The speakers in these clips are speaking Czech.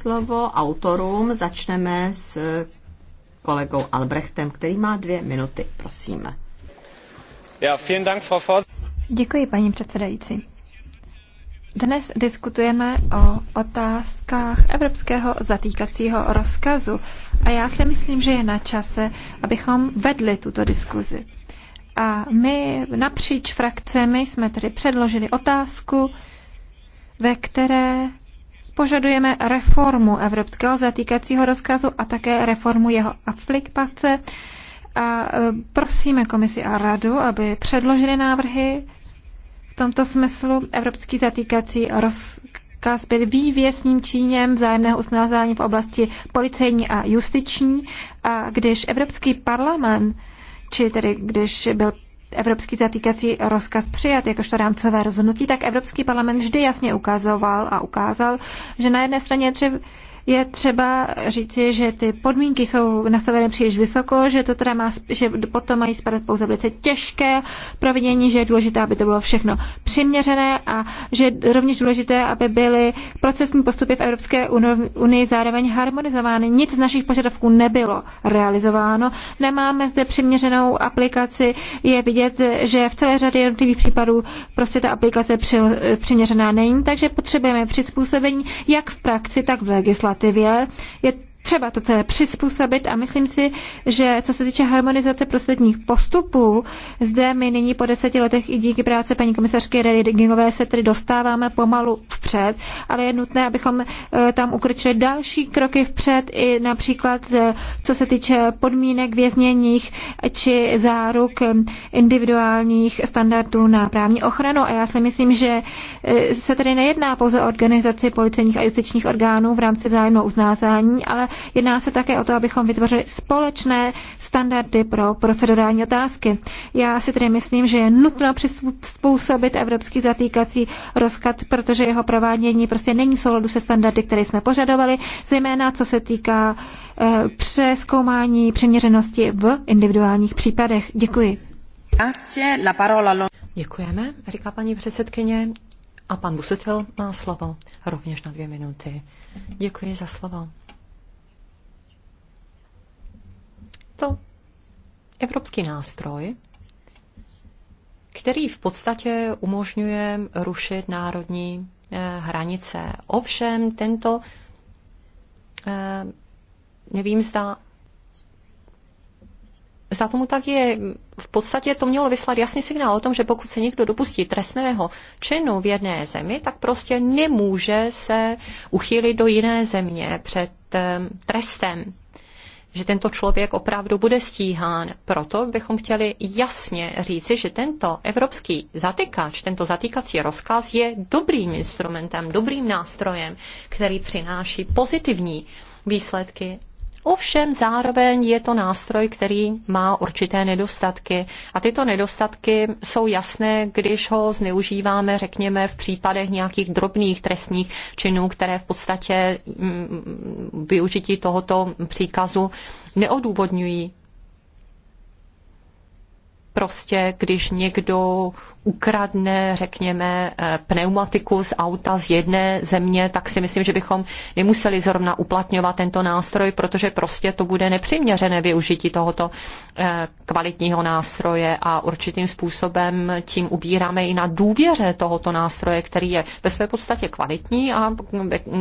slovo autorům. Začneme s kolegou Albrechtem, který má dvě minuty, prosím. Ja, vielen Dank, Frau Vos. Děkuji, paní předsedající. Dnes diskutujeme o otázkách evropského zatýkacího rozkazu a já si myslím, že je na čase, abychom vedli tuto diskuzi. A my napříč frakcemi jsme tedy předložili otázku, ve které Požadujeme reformu evropského zatýkacího rozkazu a také reformu jeho aplikace. A e, prosíme komisi a radu, aby předložili návrhy v tomto smyslu. Evropský zatýkací rozkaz byl vývěsním číněm vzájemného usnázání v oblasti policejní a justiční. A když Evropský parlament či tedy když byl evropský zatýkací rozkaz přijat jakožto rámcové rozhodnutí, tak Evropský parlament vždy jasně ukazoval a ukázal, že na jedné straně je třeba je třeba říci, že ty podmínky jsou nastaveny příliš vysoko, že to teda má, že potom mají spadat pouze velice těžké provinění, že je důležité, aby to bylo všechno přiměřené a že je rovněž důležité, aby byly procesní postupy v Evropské unii zároveň harmonizovány. Nic z našich požadavků nebylo realizováno. Nemáme zde přiměřenou aplikaci. Je vidět, že v celé řadě jednotlivých případů prostě ta aplikace přiměřená není, takže potřebujeme přizpůsobení jak v praxi, tak v legislativě legislativě. Je třeba to celé přizpůsobit a myslím si, že co se týče harmonizace prostředních postupů, zde my nyní po deseti letech i díky práci paní komisařky Redingové se tedy dostáváme pomalu vpřed, ale je nutné, abychom eh, tam ukročili další kroky vpřed i například eh, co se týče podmínek vězněních či záruk eh, individuálních standardů na právní ochranu. A já si myslím, že se tedy nejedná pouze o organizaci policejních a justičních orgánů v rámci vzájemného uznázání, ale Jedná se také o to, abychom vytvořili společné standardy pro procedurální otázky. Já si tedy myslím, že je nutno přizpůsobit evropský zatýkací rozkaz, protože jeho provádění prostě není v souladu se standardy, které jsme požadovali, zejména co se týká eh, přeskoumání přiměřenosti v individuálních případech. Děkuji. Děkujeme, říká paní předsedkyně. A pan Busetel má slovo rovněž na dvě minuty. Děkuji za slovo, to evropský nástroj, který v podstatě umožňuje rušit národní eh, hranice. Ovšem tento, eh, nevím, zda, zda tomu tak je, v podstatě to mělo vyslat jasný signál o tom, že pokud se někdo dopustí trestného činu v jedné zemi, tak prostě nemůže se uchýlit do jiné země před eh, trestem že tento člověk opravdu bude stíhán. Proto bychom chtěli jasně říci, že tento evropský zatykač, tento zatýkací rozkaz je dobrým instrumentem, dobrým nástrojem, který přináší pozitivní výsledky Ovšem zároveň je to nástroj, který má určité nedostatky. A tyto nedostatky jsou jasné, když ho zneužíváme, řekněme, v případech nějakých drobných trestních činů, které v podstatě mm, mm, využití tohoto příkazu neodůvodňují prostě, když někdo ukradne, řekněme, eh, pneumatiku z auta z jedné země, tak si myslím, že bychom nemuseli zrovna uplatňovat tento nástroj, protože prostě to bude nepřiměřené využití tohoto eh, kvalitního nástroje a určitým způsobem tím ubíráme i na důvěře tohoto nástroje, který je ve své podstatě kvalitní a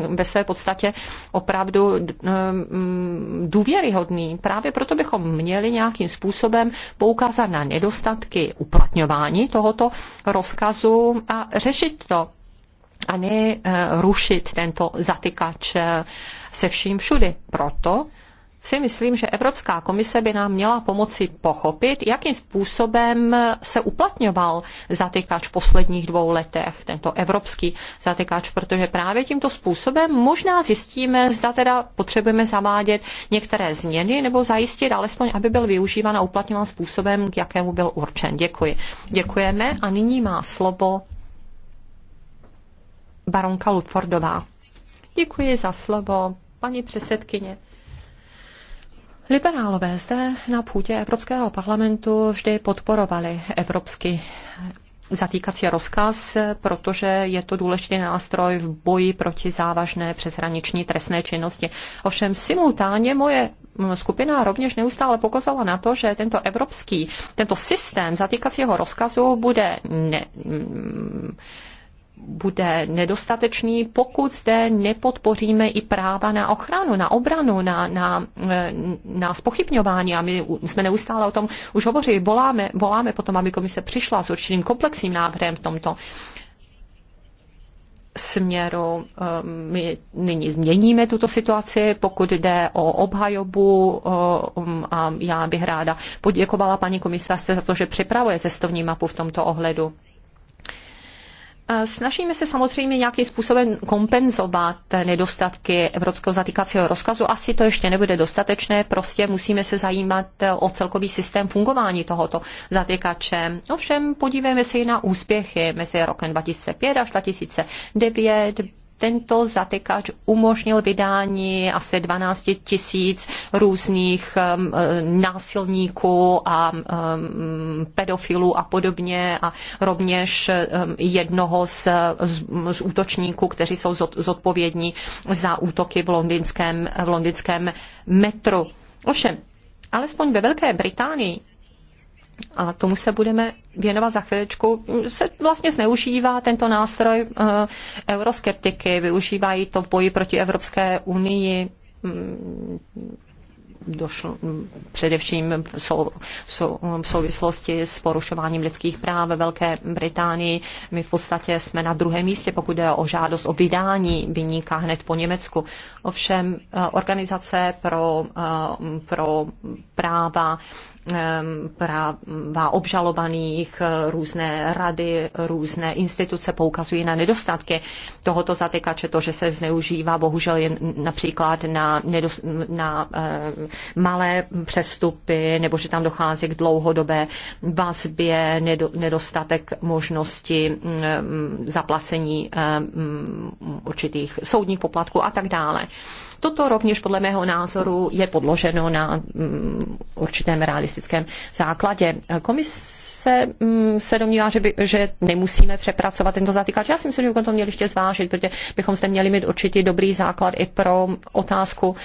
ve své podstatě opravdu eh, mm, důvěryhodný. Právě proto bychom měli nějakým způsobem poukázat na nedostatky uplatňování tohoto rozkazu a řešit to a ne eh, rušit tento zatykač eh, se vším všudy. Proto si myslím, že Evropská komise by nám měla pomoci pochopit, jakým způsobem se uplatňoval zatykač v posledních dvou letech, tento evropský zatykač, protože právě tímto způsobem možná zjistíme, zda teda potřebujeme zavádět některé změny nebo zajistit alespoň, aby byl využíván a uplatňován způsobem, k jakému byl určen. Děkuji. Děkujeme a nyní má slovo baronka Ludfordová. Děkuji za slovo, paní předsedkyně. Liberálové zde na půdě Evropského parlamentu vždy podporovali evropský zatýkací rozkaz, protože je to důležitý nástroj v boji proti závažné přeshraniční trestné činnosti. Ovšem simultánně moje skupina rovněž neustále pokazala na to, že tento evropský, tento systém zatýkacího rozkazu bude ne, bude nedostatečný, pokud zde nepodpoříme i práva na ochranu, na obranu, na, na, e, na spochybňování. A my jsme neustále o tom už hovořili. Voláme, voláme potom, aby komise přišla s určitým komplexním návrhem v tomto směru. E, my nyní změníme tuto situaci, pokud jde o obhajobu e, um, a já bych ráda poděkovala paní komisařce za to, že připravuje cestovní mapu v tomto ohledu. Snažíme se samozřejmě nějakým způsobem kompenzovat nedostatky evropského zatýkacího rozkazu. Asi to ještě nebude dostatečné, prostě musíme se zajímat o celkový systém fungování tohoto zatýkače. Ovšem podívejme se i na úspěchy mezi rokem 2005 až 2009 tento zatykač umožnil vydání asi 12 tisíc různých um, eh, násilníků a um, pedofilů a podobně a rovněž um, jednoho z, z, z útočníků, kteří jsou zodpovědní za útoky v londýnském, v londýnském metru. Ovšem, alespoň ve Velké Británii a tomu se budeme věnovat za chvíličku, se vlastně zneužívá tento nástroj eh, euroskeptiky, využívají to v boji proti Evropské unii, mm, došlo mm, především v, sou, sou, v souvislosti s porušováním lidských práv ve Velké Británii. My v podstatě jsme na druhém místě, pokud jde o žádost o vydání vyníka hned po Německu. Ovšem eh, organizace pro, eh, pro práva práva obžalovaných, různé rady, různé instituce poukazují na nedostatky tohoto zatykače, to, že se zneužívá bohužel jen například na, nedos, na eh, malé přestupy, nebo že tam dochází k dlouhodobé vazbě, nedostatek možnosti mm, zaplacení eh, mm, určitých soudních poplatků a tak dále. Toto rovněž podle mého názoru je podloženo na mm, určitém realistickém základě. Komis se, mm, se domnívá, že, by, že nemusíme přepracovat tento zatýkač. Já si myslím, že bychom to měli ještě zvážit, protože bychom zde měli mít určitý dobrý základ i pro otázku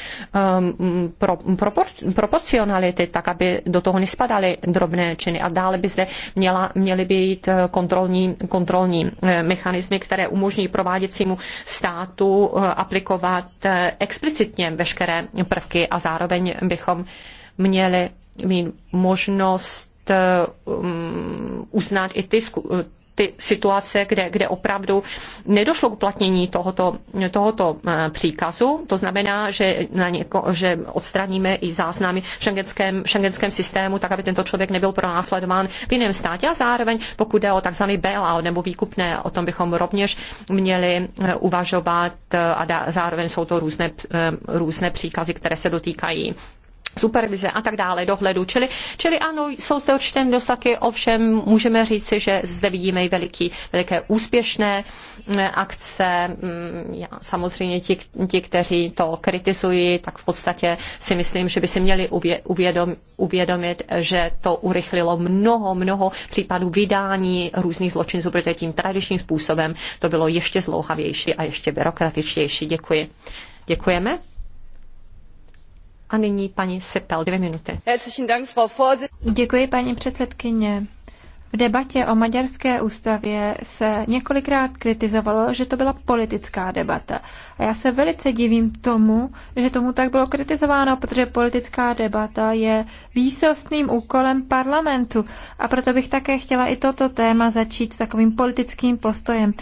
um, pro, pro, proporcionality, tak aby do toho nespadaly drobné činy. A dále by zde měla, měly být eh, kontrolní, kontrolní eh, mechanismy, které umožní prováděcímu státu eh, aplikovat explicitně veškeré prvky a zároveň bychom měli mít možnost Eh, um, uznat i ty, eh, ty situace, kde, kde opravdu nedošlo k uplatnění tohoto, tohoto eh, příkazu. To znamená, že, na něko, že odstraníme i záznamy v šengenském, šengenském systému, tak aby tento člověk nebyl pronásledován v jiném státě. A zároveň, pokud jde o tzv. bailout nebo výkupné, o tom bychom rovněž měli uvažovat a zároveň jsou to různé, různé příkazy, které se dotýkají supervize a tak dále, dohledu. Čili, čili ano, jsou zde určité nedostatky, ovšem můžeme říci, že zde vidíme i veliký, veliké úspěšné mm, akce. Mm, já, samozřejmě ti, ti, kteří to kritizují, tak v podstatě si myslím, že by si měli uvědom, uvědomit, že to urychlilo mnoho, mnoho případů vydání různých zločinců, protože tím tradičním způsobem to bylo ještě zlouhavější a ještě byrokratičtější. Děkuji. Děkujeme. A nyní paní Septal, dvě minuty. Děkuji, paní předsedkyně. V debatě o maďarské ústavě se několikrát kritizovalo, že to byla politická debata. A já se velice divím tomu, že tomu tak bylo kritizováno, protože politická debata je výsostným úkolem parlamentu. A proto bych také chtěla i toto téma začít s takovým politickým postojem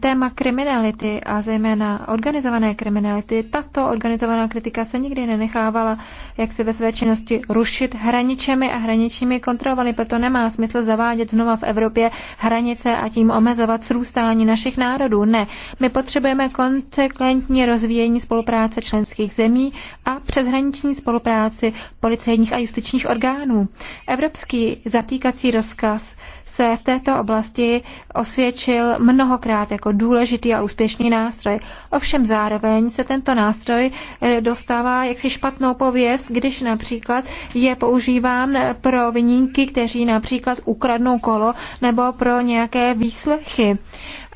téma kriminality a zejména organizované kriminality, tato organizovaná kritika se nikdy nenechávala, jak se ve své činnosti rušit hraničemi a hraničními kontrolami, proto nemá smysl zavádět znova v Evropě hranice a tím omezovat srůstání našich národů. Ne, my potřebujeme konsekventní rozvíjení spolupráce členských zemí a přeshraniční spolupráci policejních a justičních orgánů. Evropský zatýkací rozkaz se v této oblasti osvědčil mnohokrát jako důležitý a úspěšný nástroj. Ovšem zároveň se tento nástroj eh, dostává jaksi špatnou pověst, když například je používán pro vyníky, kteří například ukradnou kolo nebo pro nějaké výslechy.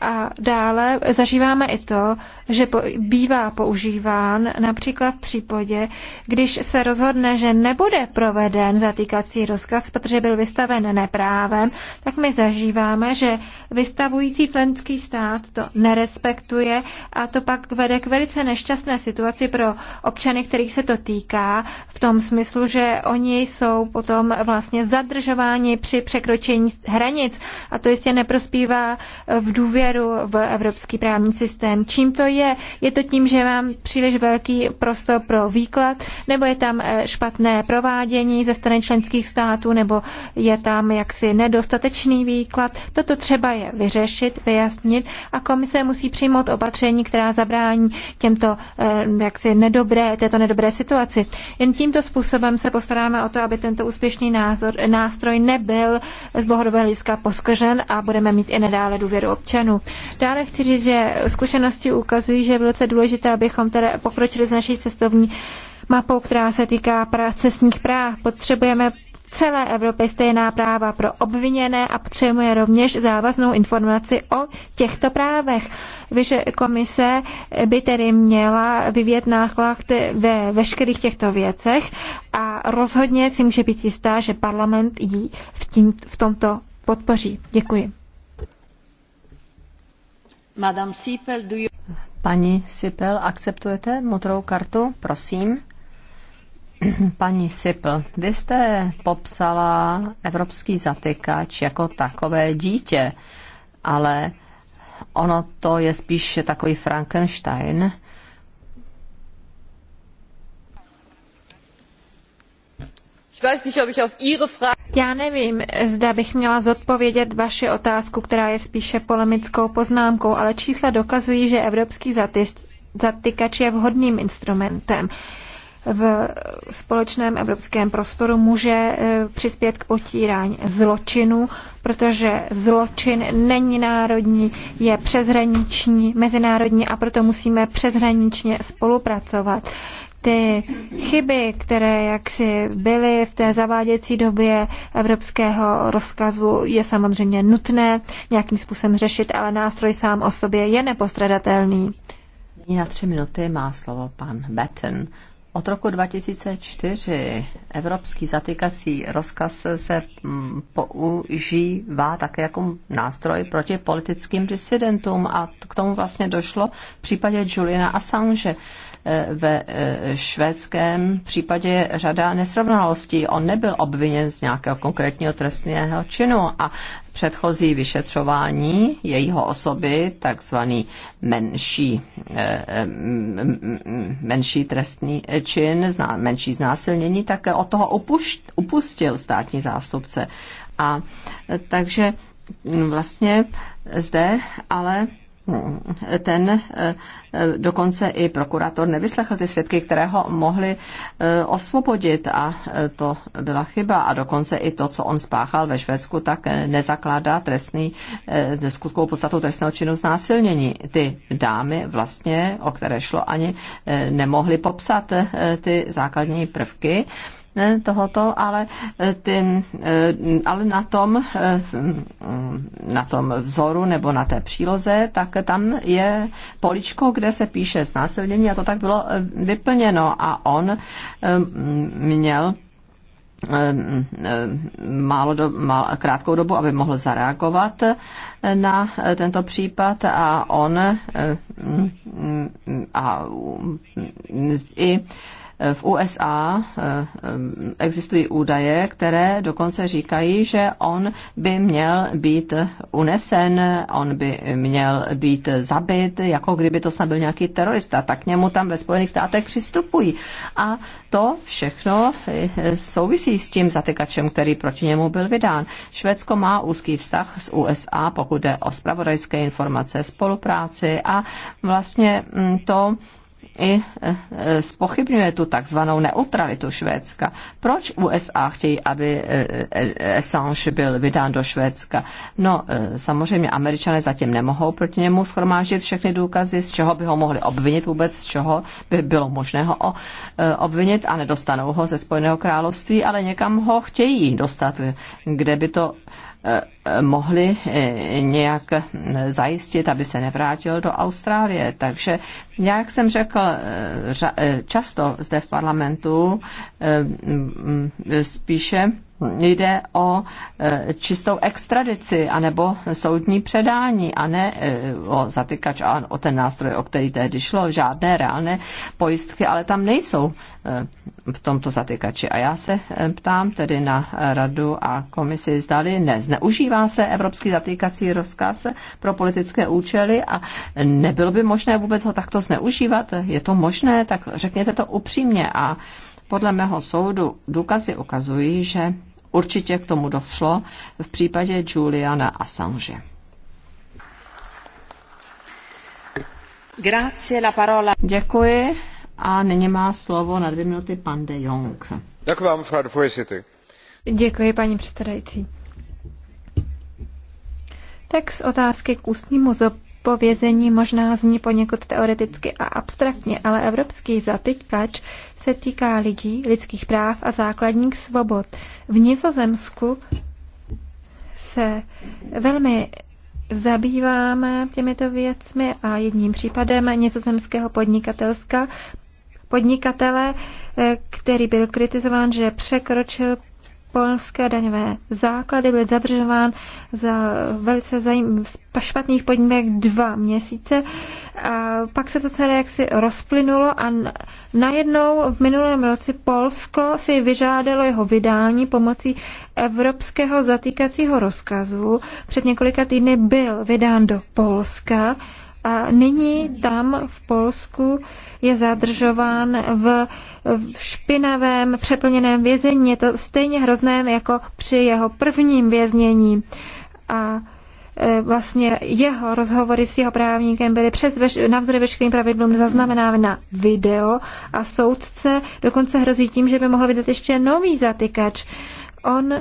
A dále zažíváme i to, že bývá používán například v případě, když se rozhodne, že nebude proveden zatýkací rozkaz, protože byl vystaven neprávem, tak my zažíváme, že vystavující členský stát to nerespektuje a to pak vede k velice nešťastné situaci pro občany, kterých se to týká, v tom smyslu, že oni jsou potom vlastně zadržováni při překročení hranic a to jistě neprospívá v důvěru důvěru v evropský právní systém. Čím to je? Je to tím, že mám příliš velký prostor pro výklad, nebo je tam eh, špatné provádění ze strany členských států, nebo je tam jaksi nedostatečný výklad. Toto třeba je vyřešit, vyjasnit a komise musí přijmout opatření, která zabrání těmto eh, jaksi nedobré, této nedobré situaci. Jen tímto způsobem se postaráme o to, aby tento úspěšný názor, nástroj nebyl z dlouhodobého hlediska poskržen a budeme mít i nadále důvěru občanů. Dále chci říct, že zkušenosti ukazují, že je velice důležité, abychom tedy pokročili z naší cestovní mapou, která se týká cestních práv. Potřebujeme celé Evropě stejná práva pro obviněné a potřebuje rovněž závaznou informaci o těchto právech. Vyše komise by tedy měla vyvět náklad ve veškerých těchto věcech a rozhodně si může být jistá, že parlament ji v, tím, v tomto podpoří. Děkuji. Sipel, Paní Sipel, akceptujete modrou kartu? Prosím. Paní Sipl, vy jste popsala evropský zatykač jako takové dítě, ale ono to je spíš takový Frankenstein, Já nevím, zda bych měla zodpovědět vaši otázku, která je spíše polemickou poznámkou, ale čísla dokazují, že evropský zatykač je vhodným instrumentem v společném evropském prostoru může e, přispět k potírání zločinu, protože zločin není národní, je přeshraniční, mezinárodní a proto musíme přeshraničně spolupracovat ty chyby, které jaksi byly v té zaváděcí době evropského rozkazu, je samozřejmě nutné nějakým způsobem řešit, ale nástroj sám o sobě je nepostradatelný. Na tři minuty má slovo pan Betten. Od roku 2004 evropský zatýkací rozkaz se mm, používá také jako nástroj proti politickým disidentům a k tomu vlastně došlo v případě Juliana Assange Eh, ve eh, švédském případě je řada nesrovnalostí. On nebyl obviněn z nějakého konkrétního trestného činu a předchozí vyšetřování jejího osoby, takzvaný menší, eh, menší trestný čin, menší znásilnění, tak od toho upustil státní zástupce. A takže mm, vlastně zde ale ten eh, dokonce i prokurátor nevyslechl ty svědky, které ho mohli eh, osvobodit a eh, to byla chyba a dokonce i to, co on spáchal ve Švédsku, tak nezakládá trestný, skutkou podstatu trestného činu znásilnění. Ty dámy vlastně, o které šlo, ani nemohly popsat ty základní prvky ne tohoto, ale, eh, ty, eh, ale na, tom, eh, na tom vzoru nebo na té příloze, tak tam je poličko, kde se píše znásilnění a to tak bylo vyplněno a on měl málo do, mal, krátkou dobu, aby mohl zareagovat na tento případ a on mm, mm, a mm, i v USA eh, eh, existují údaje, které dokonce říkají, že on by měl být unesen, on by měl být zabit, jako kdyby to snad byl nějaký terorista. Tak k němu tam ve Spojených státech přistupují. A to všechno eh, souvisí s tím zatykačem, který proti němu byl vydán. Švédsko má úzký vztah s USA, pokud jde o spravodajské informace, spolupráci a vlastně mm, to i e, e, spochybňuje tu takzvanou neutralitu Švédska. Proč USA chtějí, aby e, Assange byl vydán do Švédska? No, samozřejmě američané zatím nemohou proti němu schromáždit všechny důkazy, z čeho by ho mohli obvinit vůbec, z čeho by bylo možné ho obvinit a nedostanou ho ze Spojeného království, ale někam ho chtějí dostat, kde by to mohli eh, nějak eh, zajistit, aby se nevrátil do Austrálie. Takže, jak jsem řekl, eh, často zde v parlamentu spíše jde o e, čistou extradici anebo soudní předání a ne e, o zatykač a o ten nástroj, o který tehdy šlo. Žádné reálné pojistky, ale tam nejsou e, v tomto zatykači. A já se ptám tedy na radu a komisi, zdali ne, zneužívá se evropský zatýkací rozkaz pro politické účely a nebylo by možné vůbec ho takto zneužívat? Je to možné? Tak řekněte to upřímně a podle mého soudu důkazy ukazují, že určitě k tomu došlo v případě Juliana Assange. Grazie la parola. Děkuji a nyní má slovo na dvě minuty pan de Jong. Děkuji vám, Děkuji, paní předsedající. z otázky k ústnímu vězení možná zní poněkud teoreticky a abstraktně, ale evropský zatykač se týká lidí, lidských práv a základních svobod. V Nizozemsku se velmi zabýváme těmito věcmi a jedním případem nizozemského podnikatelska podnikatele, eh, který byl kritizován, že překročil polské daňové základy, byl zadržován za velice zajím, špatných podmínek dva měsíce. A pak se to celé jaksi rozplynulo a najednou v minulém roce Polsko si vyžádalo jeho vydání pomocí evropského zatýkacího rozkazu. Před několika týdny byl vydán do Polska a nyní tam v Polsku je zadržován v špinavém, přeplněném vězení. Je to stejně hrozné jako při jeho prvním věznění. A e, vlastně jeho rozhovory s jeho právníkem byly přes veš- navzory veškerým pravidlům zaznamenávány na video a soudce dokonce hrozí tím, že by mohl vydat ještě nový zatykač. On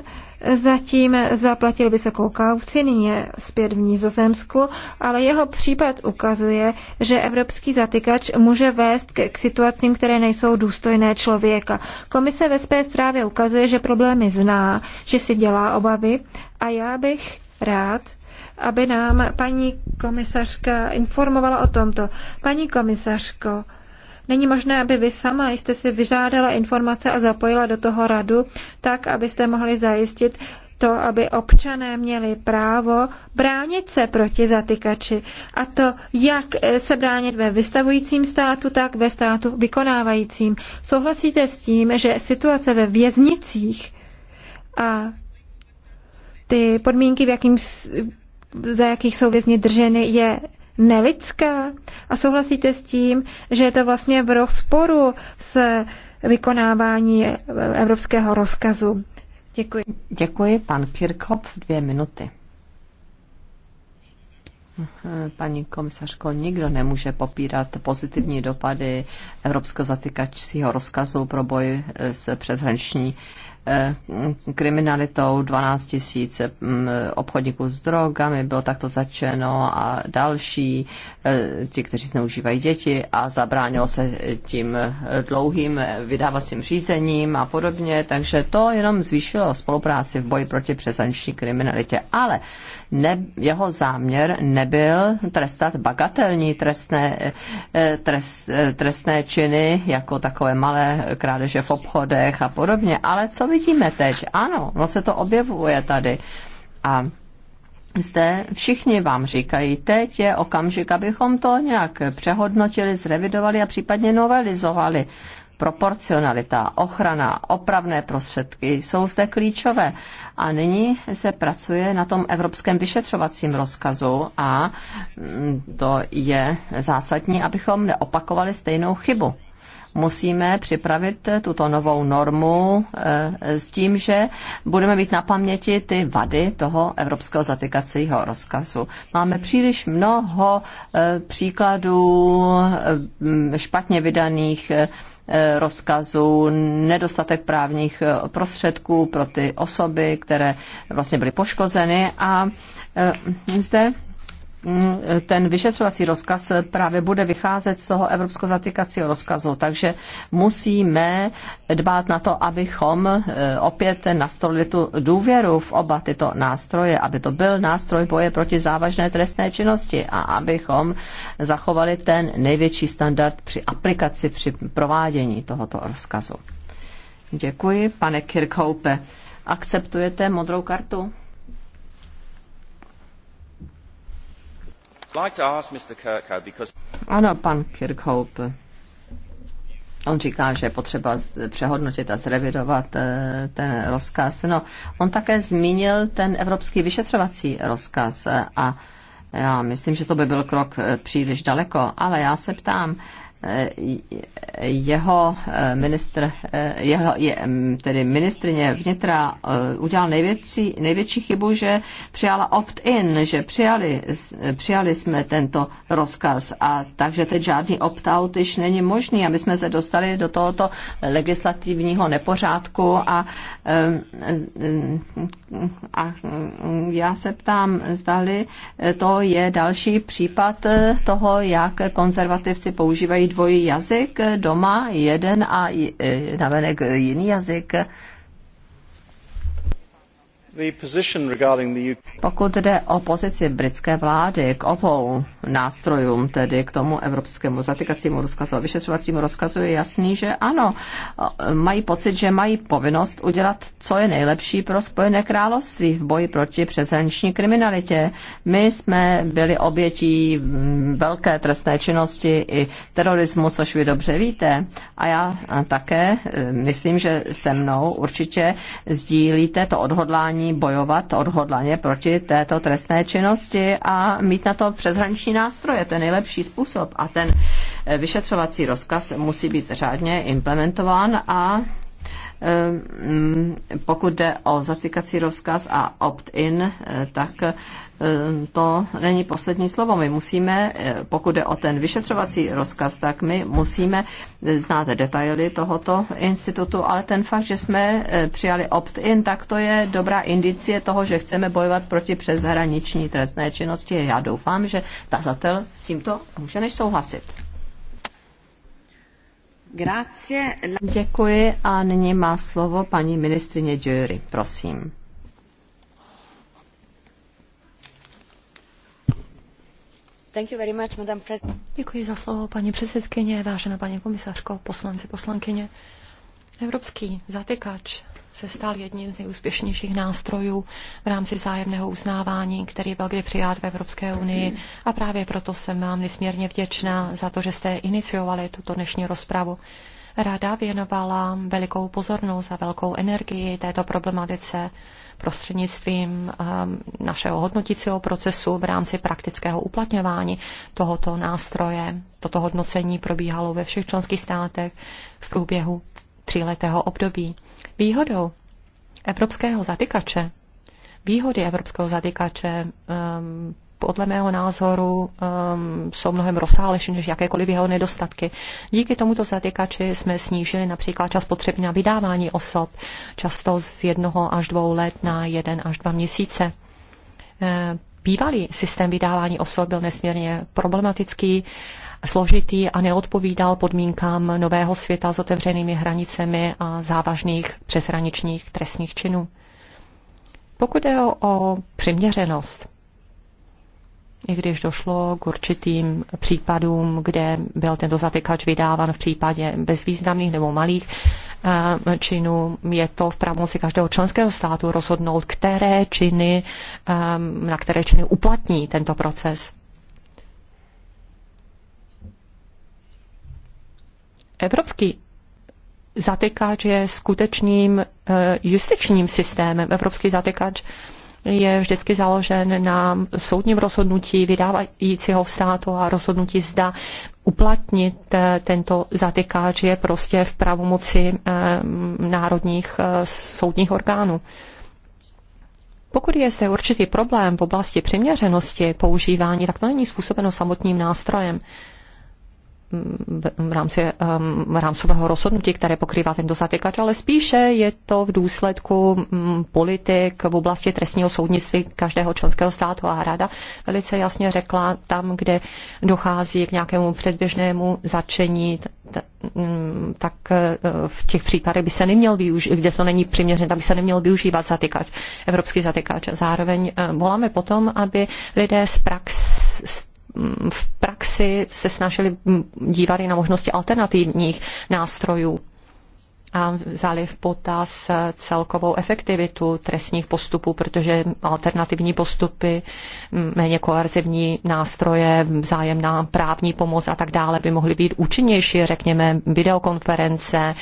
zatím zaplatil vysokou kauci, nyní je zpět v Nízozemsku, ale jeho případ ukazuje, že evropský zatykač může vést k, k situacím, které nejsou důstojné člověka. Komise ve své zprávě ukazuje, že problémy zná, že si dělá obavy a já bych rád, aby nám paní komisařka informovala o tomto. Paní komisařko, Není možné, aby vy sama jste si vyžádala informace a zapojila do toho radu, tak, abyste mohli zajistit to, aby občané měli právo bránit se proti zatykači. A to jak eh, se bránit ve vystavujícím státu, tak ve státu vykonávajícím. Souhlasíte s tím, že situace ve věznicích a ty podmínky, v jakým, za jakých jsou vězni drženy, je nelidská? A souhlasíte s tím, že je to vlastně v rozporu s vykonávání evropského rozkazu? Děkuji. Děkuji, pan Kirchhoff, dvě minuty. Paní komisařko, nikdo nemůže popírat pozitivní dopady Evropského zatykačského rozkazu pro boj s přeshraniční Eh, kriminalitou, 12 tisíc mm, obchodníků s drogami bylo takto začeno a další, eh, ti, kteří zneužívají děti a zabránilo se tím dlouhým vydávacím řízením a podobně, takže to jenom zvýšilo spolupráci v boji proti přeshraniční kriminalitě. Ale ne, jeho záměr nebyl trestat bagatelní trestné, eh, trest, eh, trestné činy, jako takové malé krádeže v obchodech a podobně. Ale co vidíme teď? Ano, no se to objevuje tady. A zde všichni vám říkají, teď je okamžik, abychom to nějak přehodnotili, zrevidovali a případně novelizovali proporcionalita, ochrana, opravné prostředky jsou zde klíčové. A nyní se pracuje na tom evropském vyšetřovacím rozkazu a mm, to je zásadní, abychom neopakovali stejnou chybu musíme připravit tuto novou normu eh, s tím, že budeme mít na paměti ty vady toho evropského zatykacího rozkazu. Máme příliš mnoho eh, příkladů eh, mm, špatně vydaných Eh, rozkazů, nedostatek právních eh, prostředků pro ty osoby, které vlastně byly poškozeny a eh, zde Mm, ten vyšetřovací rozkaz právě bude vycházet z toho evropsko zatýkacího rozkazu. Takže musíme dbát na to, abychom eh, opět nastolili tu důvěru v oba tyto nástroje, aby to byl nástroj boje proti závažné trestné činnosti a abychom zachovali ten největší standard při aplikaci, při provádění tohoto rozkazu. Děkuji, pane Kirkhope. Akceptujete modrou kartu? Ano, pan Kirkhope. On říká, že je potřeba přehodnotit a zrevidovat eh, ten rozkaz. No, on také zmínil ten evropský vyšetřovací rozkaz eh, a já myslím, že to by byl krok eh, příliš daleko, ale já se ptám, jeho eh, ministr, eh, jeho, je, mm, tedy ministrině vnitra eh, udělal největší, největší chybu, že přijala opt-in, že přijali, přijali jsme tento rozkaz a takže teď žádný opt-out již není možný a my jsme se dostali do tohoto legislativního nepořádku a, a já se ptám, zdali to je další případ toho, jak konzervativci používají dvojí jazyk, doma jeden a e, navenek jiný jazyk. Pokud jde o pozici britské vlády k obou nástrojům, tedy k tomu evropskému zatykacímu rozkazu a vyšetřovacímu rozkazu, je jasný, že ano, mají pocit, že mají povinnost udělat, co je nejlepší pro Spojené království v boji proti přeshraniční kriminalitě. My jsme byli obětí velké trestné činnosti i terorismu, což vy dobře víte. A já také eh, myslím, že se mnou určitě sdílíte to odhodlání připraveni bojovat odhodlaně proti této trestné činnosti a mít na to přeshraniční nástroje. To je nejlepší způsob. A ten eh, vyšetřovací rozkaz musí být řádně implementován a Ehm, pokud jde o zatýkací rozkaz a opt-in, eh, tak eh, to není poslední slovo. My musíme, eh, pokud jde o ten vyšetřovací rozkaz, tak my musíme znát detaily tohoto institutu, ale ten fakt, že jsme přijali opt-in, tak to je dobrá indicie toho, že chceme bojovat proti přeshraniční trestné činnosti. Já doufám, že tazatel s tímto může než souhlasit. Grazie. Děkuji a nyní má slovo paní ministrině Jury, prosím. Much, Děkuji za slovo, paní předsedkyně, vážená paní komisařko, poslanci, poslankyně. Evropský zatykač se stal jedním z nejúspěšnějších nástrojů v rámci zájemného uznávání, který byl kdy přijat v Evropské unii. A právě proto jsem vám nesmírně vděčná za to, že jste iniciovali tuto dnešní rozpravu. Rada věnovala velikou pozornost a velkou energii této problematice prostřednictvím ehm, našeho hodnotícího procesu v rámci praktického uplatňování tohoto nástroje. Toto hodnocení probíhalo ve všech členských státech v průběhu tříletého období. Výhodou evropského zatykače, výhody evropského zatykače um, podle mého názoru um, jsou mnohem rozsáhlejší než jakékoliv jeho nedostatky. Díky tomuto zatykači jsme snížili například čas potřebný na vydávání osob, často z jednoho až dvou let na jeden až dva měsíce. Ehm, bývalý systém vydávání osob byl nesmírně problematický, složitý a neodpovídal podmínkám nového světa s otevřenými hranicemi a závažných přeshraničních trestních činů. Pokud je o přiměřenost, i když došlo k určitým případům, kde byl tento zatykač vydáván v případě bezvýznamných nebo malých eh, činů, je to v pravomoci každého členského státu rozhodnout, které činy, eh, na které činy uplatní tento proces. Evropský zatykač je skutečným eh, justičním systémem. Evropský zatykač je vždycky založen na soudním rozhodnutí vydávajícího státu a rozhodnutí zda uplatnit eh, tento zatykáč je prostě v pravomoci eh, národních eh, soudních orgánů. Pokud je zde určitý problém v oblasti přiměřenosti používání, tak to není způsobeno samotným nástrojem v rámci um, rámcového rozhodnutí, které pokrývá tento zatykač, ale spíše je to v důsledku um, politik v oblasti trestního soudnictví každého členského státu a rada velice jasně řekla, tam, kde dochází k nějakému předběžnému začení, mm, tak eh, v těch případech by se neměl využít, kde to není přiměřené, tak by se neměl využívat zatykač, evropský zatykač. Zároveň eh, voláme potom, aby lidé z praxe Mm, v praxi se snažili dívat i na možnosti alternativních nástrojů a vzali v potaz celkovou efektivitu trestních postupů, protože alternativní postupy, mm, méně koerzivní nástroje, vzájemná právní pomoc a tak dále by mohly být účinnější, řekněme videokonference,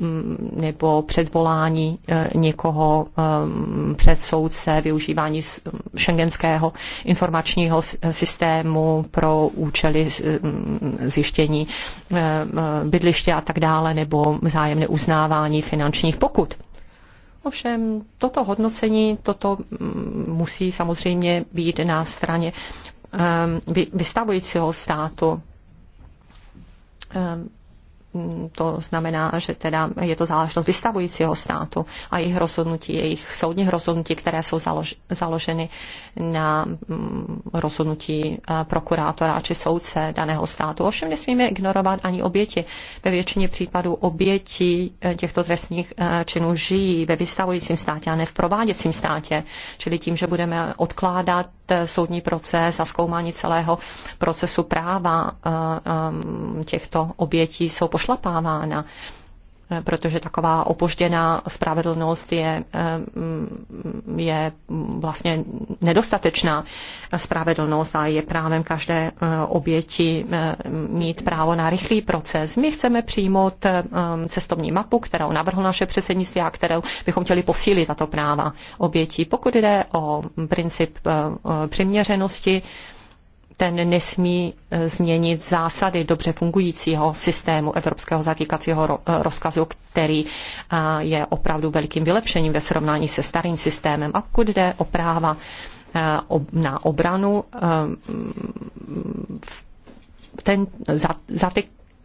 Mm, nebo předvolání eh, někoho eh, před soudce, využívání mm, šengenského informačního eh, systému pro účely mm, zjištění bydliště a tak dále, nebo vzájemné uznávání finančních pokut. Ovšem, toto hodnocení, toto musí samozřejmě být na straně vystavujícího státu Mm, to znamená, že teda je to záležitost vystavujícího státu a jejich rozhodnutí, jejich soudních rozhodnutí, které jsou založ, založeny na mm, rozhodnutí eh, prokurátora či soudce daného státu. Ovšem nesmíme ignorovat ani oběti. Ve většině případů oběti eh, těchto trestních eh, činů žijí ve vystavujícím státě a ne v prováděcím státě. Čili tím, že budeme odkládat soudní proces a zkoumání celého procesu práva těchto obětí, jsou pošlapávána, protože taková opožděná spravedlnost je, eh, je vlastně nedostatečná spravedlnost a je právem každé eh, oběti eh, mít právo na rychlý proces. My chceme přijmout cestovní mapu, kterou navrhl naše předsednictví a kterou bychom chtěli posílit tato práva obětí. Pokud jde o princip přiměřenosti, ten nesmí e, změnit zásady dobře fungujícího systému evropského zatýkacího e, rozkazu, který e, je opravdu velkým vylepšením ve srovnání se starým systémem. A pokud jde o práva na obranu, ten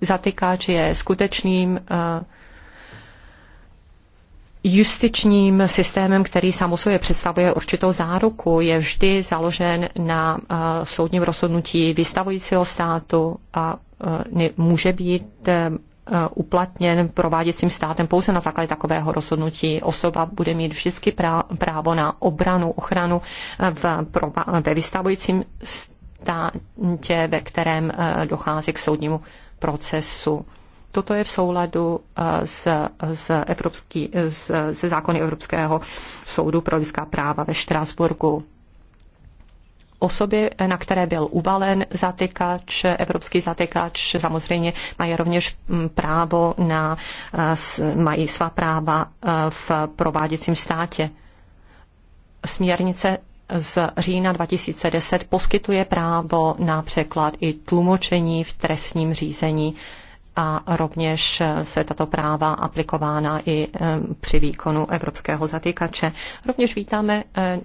zatykač je skutečným justičním systémem, který sám o sobě představuje určitou záruku, je vždy založen na eh, soudním rozhodnutí vystavujícího státu a eh, může být eh, uplatněn prováděcím státem pouze na základě takového rozhodnutí. Osoba bude mít vždycky právo na obranu, ochranu ve vystavujícím státě, ve kterém dochází k soudnímu procesu. Toto je v souladu eh, s, s, evropský, s, se zákony Evropského soudu pro lidská práva ve Štrásburgu osoby, eh, na které byl uvalen zatykač, evropský zatykač, samozřejmě mají rovněž mm, právo na, eh, mají svá práva v prováděcím státě. Směrnice z října 2010 poskytuje právo na překlad i tlumočení v trestním řízení a rovněž se tato práva aplikována i e, při výkonu evropského zatýkače. Rovněž vítáme e,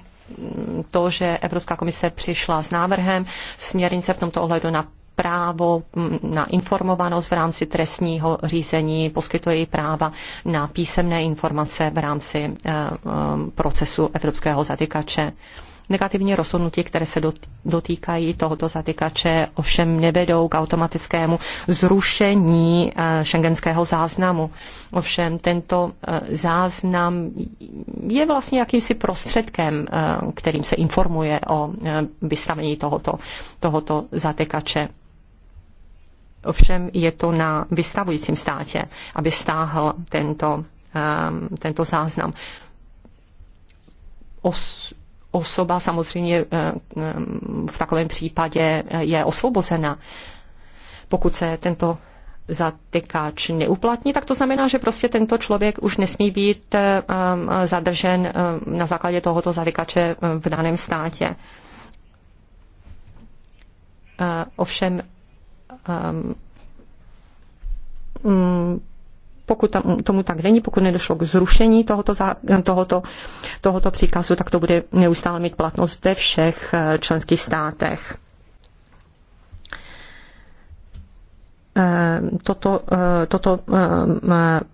to, že Evropská komise přišla s návrhem směrnice v tomto ohledu na právo na informovanost v rámci trestního řízení, poskytuje práva na písemné informace v rámci e, procesu evropského zatykače. Negativní rozhodnutí, které se dotýkají tohoto zatykače, ovšem nevedou k automatickému zrušení šengenského eh, záznamu. Ovšem tento eh, záznam je vlastně jakýmsi prostředkem, eh, kterým se informuje o vystavení tohoto, tohoto zatykače. Ovšem je to na vystavujícím státě, aby stáhl tento, tento záznam. Os, osoba samozřejmě eh, eh, v takovém případě eh, je osvobozena. Pokud se tento zatykač neuplatní, tak to znamená, že prostě tento člověk už nesmí být zadržen na základě tohoto zatykače v daném státě. Ovšem mm, pokud tam, tomu tak není, pokud nedošlo k zrušení tohoto, zá, tohoto, tohoto příkazu, tak to bude neustále mít platnost ve všech eh, členských státech. Eh, toto, eh, toto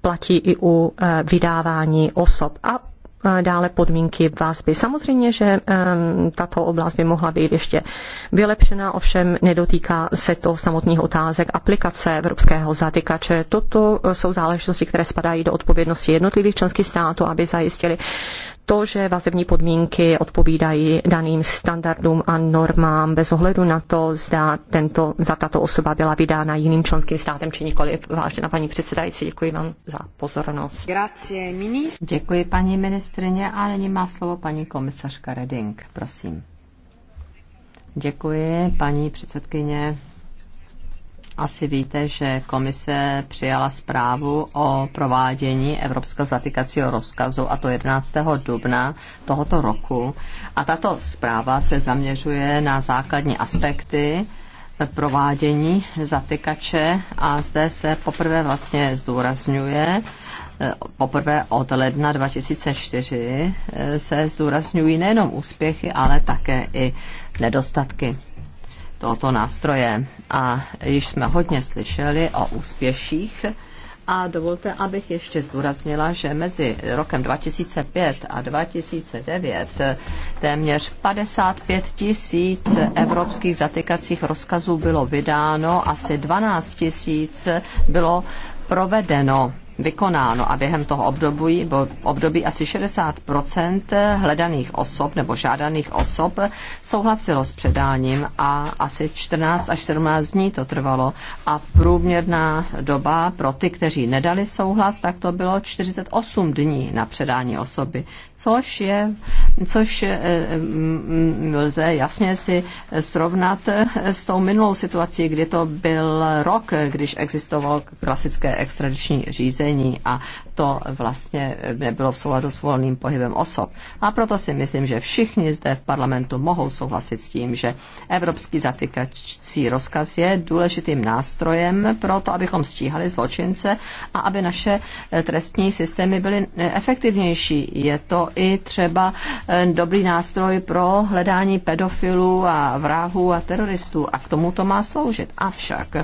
platí i u vydávání osob. A dále podmínky vazby. Samozřejmě, že tato oblast by mohla být ještě vylepšena, ovšem nedotýká se to samotných otázek aplikace evropského zatykače. Toto jsou záležitosti, které spadají do odpovědnosti jednotlivých členských států, aby zajistili to, že vazební podmínky odpovídají daným standardům a normám bez ohledu na to, zda tento, za tato osoba byla vydána jiným členským státem či nikoli. Vážená paní předsedající, děkuji vám za pozornost. Grazie, ministr. Děkuji paní ministrině a nyní má slovo paní komisařka Reding. Prosím. Děkuji, paní předsedkyně. Asi víte, že komise přijala zprávu o provádění Evropského zatýkacího rozkazu, a to 11. dubna tohoto roku. A tato zpráva se zaměřuje na základní aspekty provádění zatykače a zde se poprvé vlastně zdůrazňuje, poprvé od ledna 2004 se zdůrazňují nejenom úspěchy, ale také i nedostatky tohoto nástroje. A již jsme hodně slyšeli o úspěších a dovolte, abych ještě zdůraznila, že mezi rokem 2005 a 2009 téměř 55 tisíc evropských zatykacích rozkazů bylo vydáno, asi 12 tisíc bylo provedeno vykonáno a během toho období, období asi 60 hledaných osob nebo žádaných osob souhlasilo s předáním a asi 14 až 17 dní to trvalo a průměrná doba pro ty, kteří nedali souhlas, tak to bylo 48 dní na předání osoby, což je, což eh, mm, mm, lze jasně si srovnat eh, s tou minulou situací, kdy to byl rok, když existovalo klasické extradiční řízení řízení a to vlastně nebylo v souladu s volným pohybem osob. A proto si myslím, že všichni zde v parlamentu mohou souhlasit s tím, že evropský zatykací rozkaz je důležitým nástrojem pro to, abychom stíhali zločince a aby naše eh, trestní systémy byly eh, efektivnější. Je to i třeba eh, dobrý nástroj pro hledání pedofilů a vrahů a teroristů a k tomu to má sloužit. Avšak,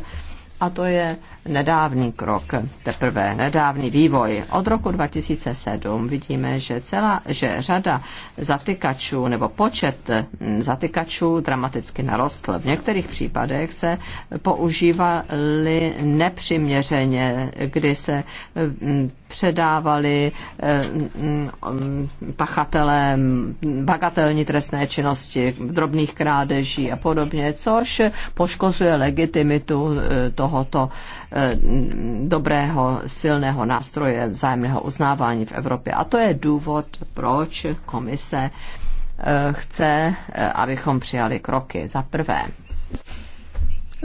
a to je nedávný krok, teprve nedávný vývoj. Od roku 2007 vidíme, že, celá, že řada zatykačů nebo počet hm, zatykačů dramaticky narostl. V některých případech se používaly nepřiměřeně, kdy se hm, předávali hm, pachatelé bagatelní trestné činnosti, drobných krádeží a podobně, což poškozuje legitimitu tohoto dobrého, silného nástroje vzájemného uznávání v Evropě. A to je důvod, proč komise eh, chce, eh, abychom přijali kroky. Za prvé,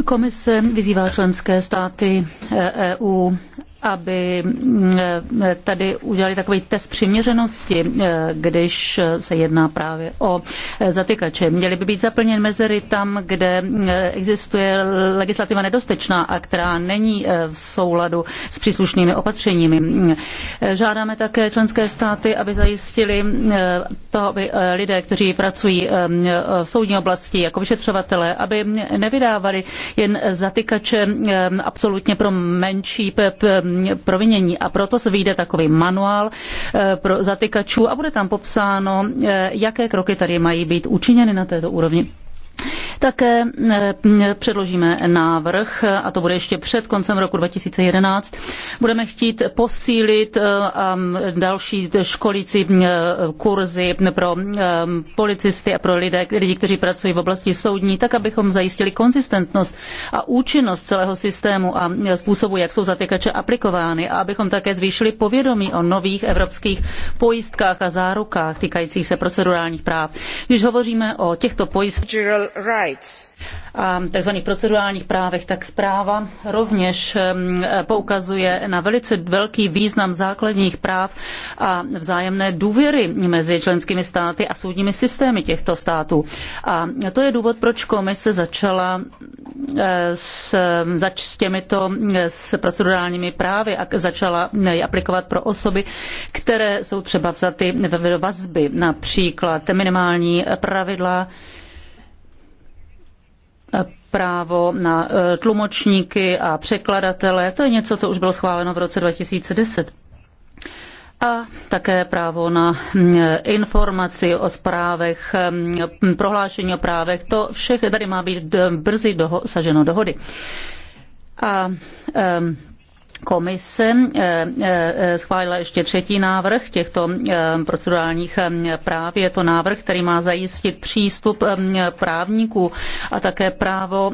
Komise vyzývá členské státy EU, eh, e aby mm, eh, tady udělali takový test přiměřenosti, eh, když se jedná právě o eh, zatykače. Měly by být zaplněny mezery tam, kde mm, existuje legislativa nedostatečná a která není v souladu s příslušnými opatřeními. Mm, žádáme také členské státy, aby zajistili to, aby lidé, kteří pracují v soudní oblasti jako vyšetřovatelé, aby nevydávali jen zatykače absolutně pro menší Mm, provinění. A proto se vyjde takový manuál eh, pro zatykačů a bude tam popsáno, eh, jaké kroky tady mají být učiněny na této úrovni. Také eh, předložíme návrh, a to bude ještě před koncem roku 2011. Budeme chtít posílit eh, další školící kurzy pro policisty a pro lidé, lidi, kteří pracují v oblasti soudní, tak abychom zajistili konzistentnost a účinnost celého systému a způsobu, jak jsou zatykače aplikovány a abychom také zvýšili povědomí o nových evropských pojistkách a zárukách týkajících se procedurálních práv. Když hovoříme o těchto pojistkách, rights. tzv. procedurálních právech, tak zpráva rovněž poukazuje na velice velký význam základních práv a vzájemné důvěry mezi členskými státy a soudními systémy těchto států. A to je důvod, proč komise začala eh, s, zač s těmito eh, s procedurálními právy a začala je aplikovat pro osoby, které jsou třeba vzaty ve vazby, například minimální pravidla právo na e, tlumočníky a překladatele. To je něco, co už bylo schváleno v roce 2010 a také právo na informaci o zprávech, prohlášení o právech. To všechno tady má být brzy dosaženo dohody. A um, Komise eh, eh, eh, schválila ještě třetí návrh těchto procedurálních práv. Je to návrh, který má zajistit přístup právníků a také právo,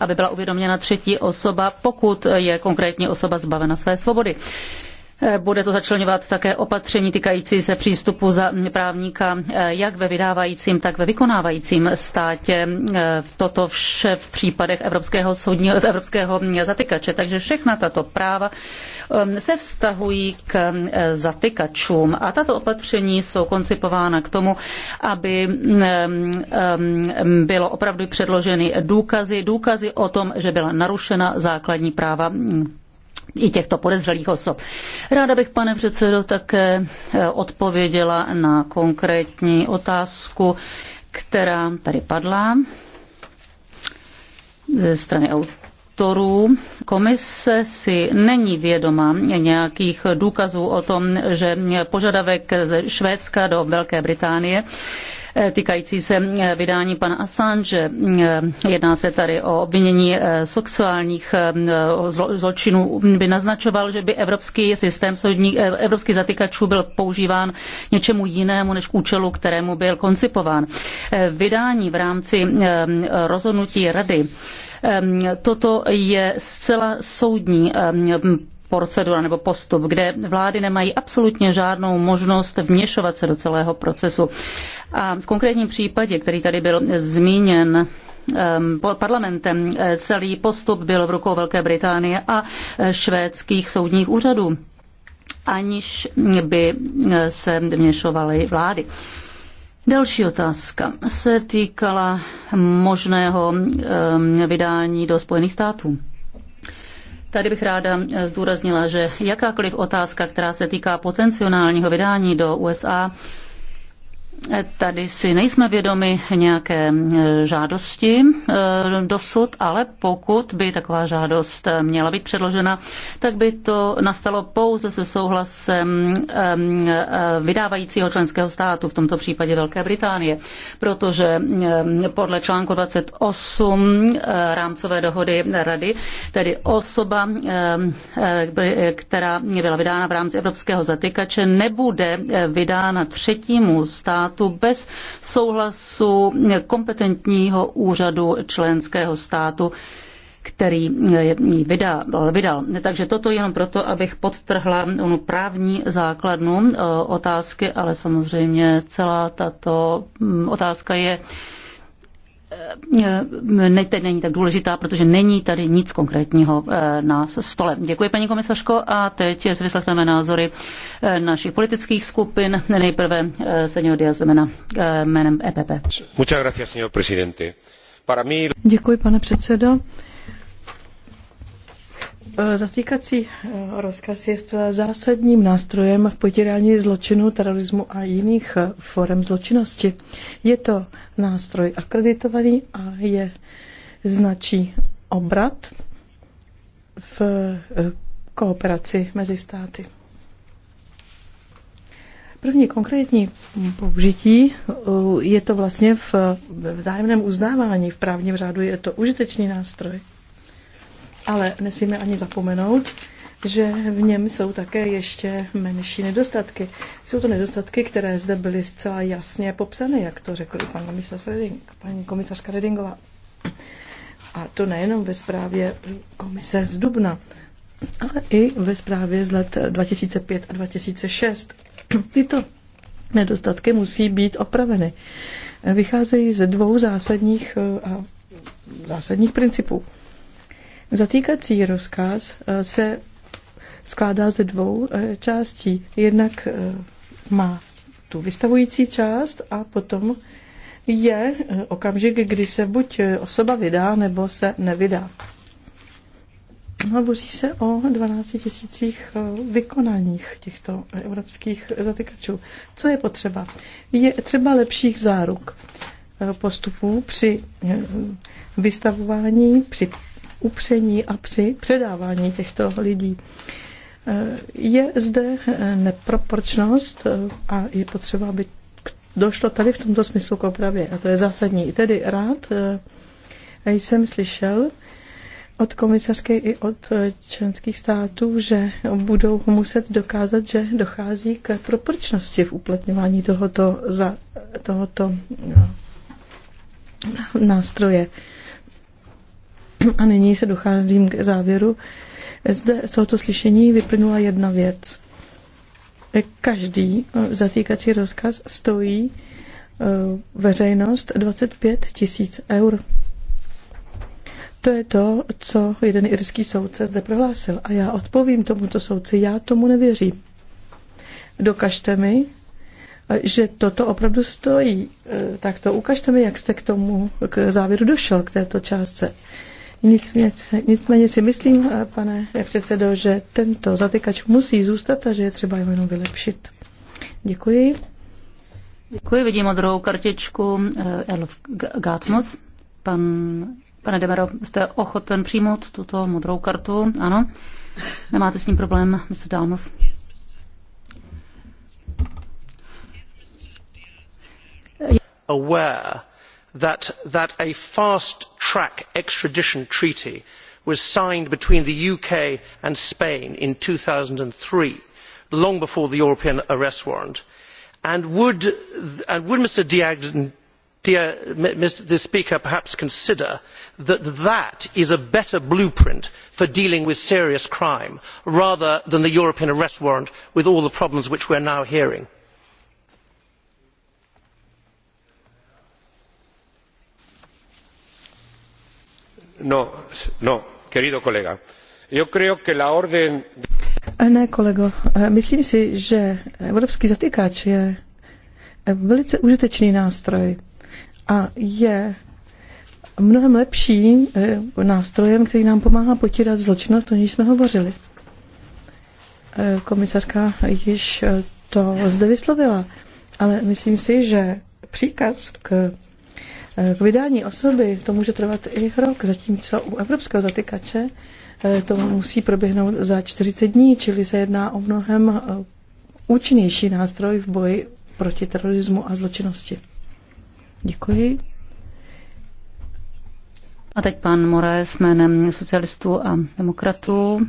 aby byla uvědoměna třetí osoba, pokud je konkrétní osoba zbavena své svobody. Bude to začlenovat také opatření týkající se přístupu za právníka jak ve vydávajícím, tak ve vykonávajícím státě. Toto vše v případech Evropského, soudního, Evropského zatykače. Takže všechna tato práva um, se vztahují k um, zatykačům. A tato opatření jsou koncipována k tomu, aby um, bylo opravdu předloženy důkazy, důkazy o tom, že byla narušena základní práva i těchto podezřelých osob. Ráda bych, pane předsedo, také eh, odpověděla na konkrétní otázku, která tady padla ze strany autorů. Komise si není vědoma nějakých důkazů o tom, že požadavek ze Švédska do Velké Británie Eh, týkající se eh, vydání pana Assange. Eh, jedná se tady o obvinění sexuálních zločinů. By naznačoval, že by evropský systém soudních, evropských zatykačů byl používán něčemu jinému než k účelu, kterému byl koncipován. Vydání v rámci rozhodnutí rady Toto je zcela soudní procedura nebo postup, kde vlády nemají absolutně žádnou možnost vměšovat se do celého procesu. A v konkrétním případě, který tady byl zmíněn, ehm, parlamentem. Eh, celý postup byl v rukou Velké Británie a eh, švédských soudních úřadů, aniž by eh, se vměšovaly vlády. Další otázka se týkala možného ehm, vydání do Spojených států. Tady bych ráda eh, zdůraznila, že jakákoliv otázka, která se týká potenciálního vydání do USA, Tady si nejsme vědomi nějaké žádosti e, dosud, ale pokud by taková žádost e, měla být předložena, tak by to nastalo pouze se souhlasem e, vydávajícího členského státu, v tomto případě Velké Británie, protože podle článku 28 rámcové dohody Rady, tedy osoba, která byla vydána v rámci evropského zatykače, nebude vydána třetímu státu, státu bez souhlasu kompetentního úřadu členského státu který ji vydal, vydal. Takže toto jenom proto, abych podtrhla onu právní základnu e, otázky, ale samozřejmě celá tato otázka je Eh, ne, teď není tak důležitá, protože není tady nic konkrétního eh, na stole. Děkuji, paní komisařko, a teď si vyslechneme názory eh, našich politických skupin. Nejprve senior Diaz Zemena jménem EPP. Děkuji, pane předsedo. Zatýkací rozkaz je zcela zásadním nástrojem v potírání zločinu, terorismu a jiných forem zločinnosti. Je to nástroj akreditovaný a je značí obrat v eh, kooperaci mezi státy. První konkrétní použití eh, je to vlastně v vzájemném uznávání. V právním řádu je to užitečný nástroj. Ale nesmíme ani zapomenout, že v něm jsou také ještě menší nedostatky. Jsou to nedostatky, které zde byly zcela jasně popsány, jak to řekl i pan komisař Reding, paní komisařka Redingová. A to nejenom ve zprávě komise z Dubna, ale i ve zprávě z let 2005 a 2006. Tyto nedostatky musí být opraveny. Vycházejí ze dvou zásadních, eh, zásadních principů. Zatýkací rozkaz eh, se skládá ze dvou eh, částí. Jednak eh, má tu vystavující část a potom je eh, okamžik, kdy se buď osoba vydá, nebo se nevydá. Hovoří no se o 12 tisících vykonáních těchto evropských zatykačů. Co je potřeba? Je třeba lepších záruk postupů při vystavování, při upření a při předávání těchto lidí. Je zde eh, neproporčnost eh, a je potřeba, aby došlo tady v tomto smyslu k opravě. A to je zásadní. Tedy rád eh, jsem slyšel od komisařky i od členských států, že budou muset dokázat, že dochází k proporčnosti v uplatňování tohoto, za, tohoto nástroje. A nyní se docházím k závěru, zde z tohoto slyšení vyplynula jedna věc. Každý eh, zatýkací rozkaz stojí eh, veřejnost 25 tisíc eur. To je to, co jeden irský soudce zde prohlásil. A já odpovím tomuto soudci, já tomu nevěřím. Dokažte mi, eh, že toto opravdu stojí. Tak to ukažte mi, jak jste k tomu, k závěru došel, k této částce. Nicméně, si myslím, eh, pane předsedo, že tento zatykač musí zůstat a že je třeba jenom vylepšit. Děkuji. Děkuji, vidím modrou kartičku Erlof eh, Gatmuth. Pan, pane Demero, jste ochoten přijmout tuto modrou kartu? Ano. Nemáte s ním problém, Mr. Dalmov? Aware that, a fast track extradition treaty was signed between the uk and spain in two thousand and three long before the european arrest warrant and would, the speaker perhaps consider that that is a better blueprint for dealing with serious crime rather than the european arrest warrant with all the problems which we are now hearing? No, kolega. No, eh, ne, kolego, eh, myslím si, že evropský zatykač je eh, velice užitečný nástroj a je mnohem lepší nástrojem, který nám pomáhá potírat zločinnost, o níž jsme hovořili. Komisařka již to zde vyslovila, ale myslím si, že příkaz k k vydání osoby to může trvat i rok, zatímco u evropského zatykače eh, to musí proběhnout za 40 dní, čili se jedná o mnohem eh, účinnější nástroj v boji proti terorismu a zločinnosti. Děkuji. A teď pan Moraes jménem socialistů a demokratů.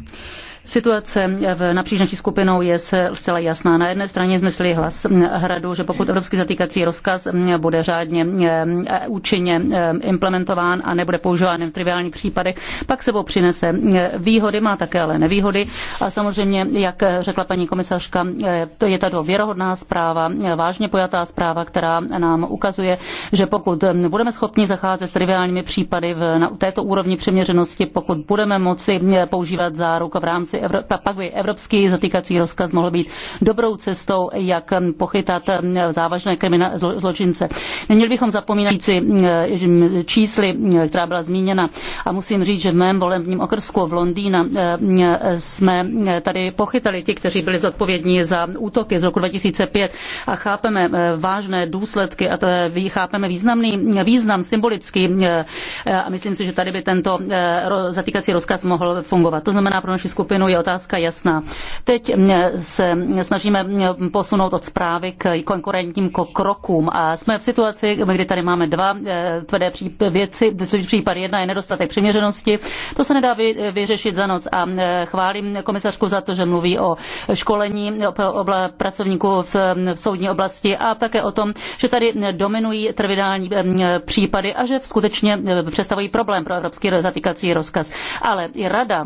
Situace v napříč naší skupinou je zcela jasná. Na jedné straně jsme slyšeli hlas hradu, že pokud evropský zatýkací rozkaz bude řádně e, účinně implementován a nebude používán v triviálních případech, pak sebou přinese výhody, má také ale nevýhody. A samozřejmě, jak řekla paní komisařka, e, to je tato věrohodná zpráva, vážně pojatá zpráva, která nám ukazuje, že pokud budeme schopni zacházet s triviálními případy v, na této úrovni přiměřenosti, pokud budeme moci používat záruk v rámci rámci pak by evropský zatýkací rozkaz mohl být dobrou cestou, jak um, pochytat um, závažné krimina, zločince. Neměli bychom zapomínající um, čísly, která byla zmíněna a musím říct, že v mém volebním okrsku v Londýna jsme tady pochytali ti, kteří byli zodpovědní za útoky z roku 2005 a chápeme uh, vážné důsledky a uh, chápeme významný význam symbolický uh, a myslím si, že tady by tento zatýkací rozkaz mohl fungovat. To znamená pro naši skupinu Schengenu je otázka jasná. Teď mm, se snažíme mm, posunout od zprávy k konkurentním krokům a jsme v situaci, kdy tady máme dva eh, tvrdé věci, případ jedna je nedostatek přiměřenosti. To se nedá vyřešit za noc a mm, chválím komisařku za to, že mluví o školení pracovníků v soudní oblasti a také o tom, že tady dominují trvidální případy a že skutečně eh, představují problém pro evropský zatýkací rozkaz. Ale i rada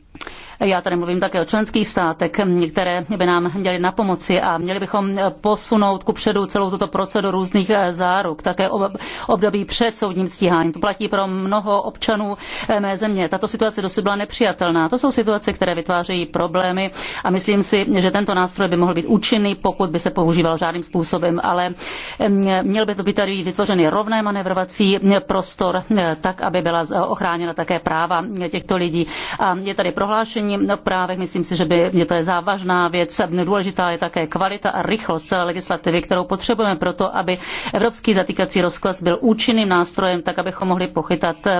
Já tady mluvím také o členských státech, které by nám měly na pomoci a měli bychom e, posunout kupředu celou tuto proceduru různých e, záruk, také období před soudním stíháním. To platí pro mnoho občanů e, mé země. Tato situace dosud byla nepřijatelná. To jsou situace, které vytvářejí problémy a myslím si, že tento nástroj by mohl být účinný, pokud by se používal žádným způsobem, ale měl by to být tady vytvořený rovné manevrovací prostor, tak, aby byla ochráněna také práva těchto lidí. A je tady prohlášení procesních právech. Myslím si, že by mě to je závažná věc. Důležitá je také kvalita a rychlost celé legislativy, kterou potřebujeme proto, aby evropský zatýkací rozkaz byl účinným nástrojem, tak abychom mohli pochytat eh,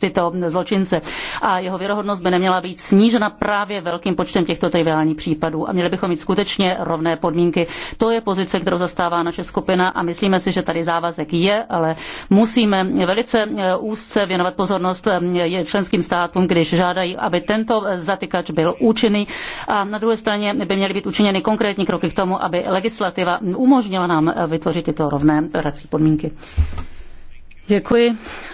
tyto zločince. A jeho věrohodnost by neměla být snížena právě velkým počtem těchto triviálních případů. A měli bychom mít skutečně rovné podmínky. To je pozice, kterou zastává naše skupina a myslíme si, že tady závazek je, ale musíme velice eh, úzce věnovat pozornost eh, členským státům, když žádají, aby tento tento zatykač byl účinný a na druhé straně by měly být učiněny konkrétní kroky k tomu, aby legislativa umožnila nám vytvořit tyto rovné prací podmínky. Děkuji.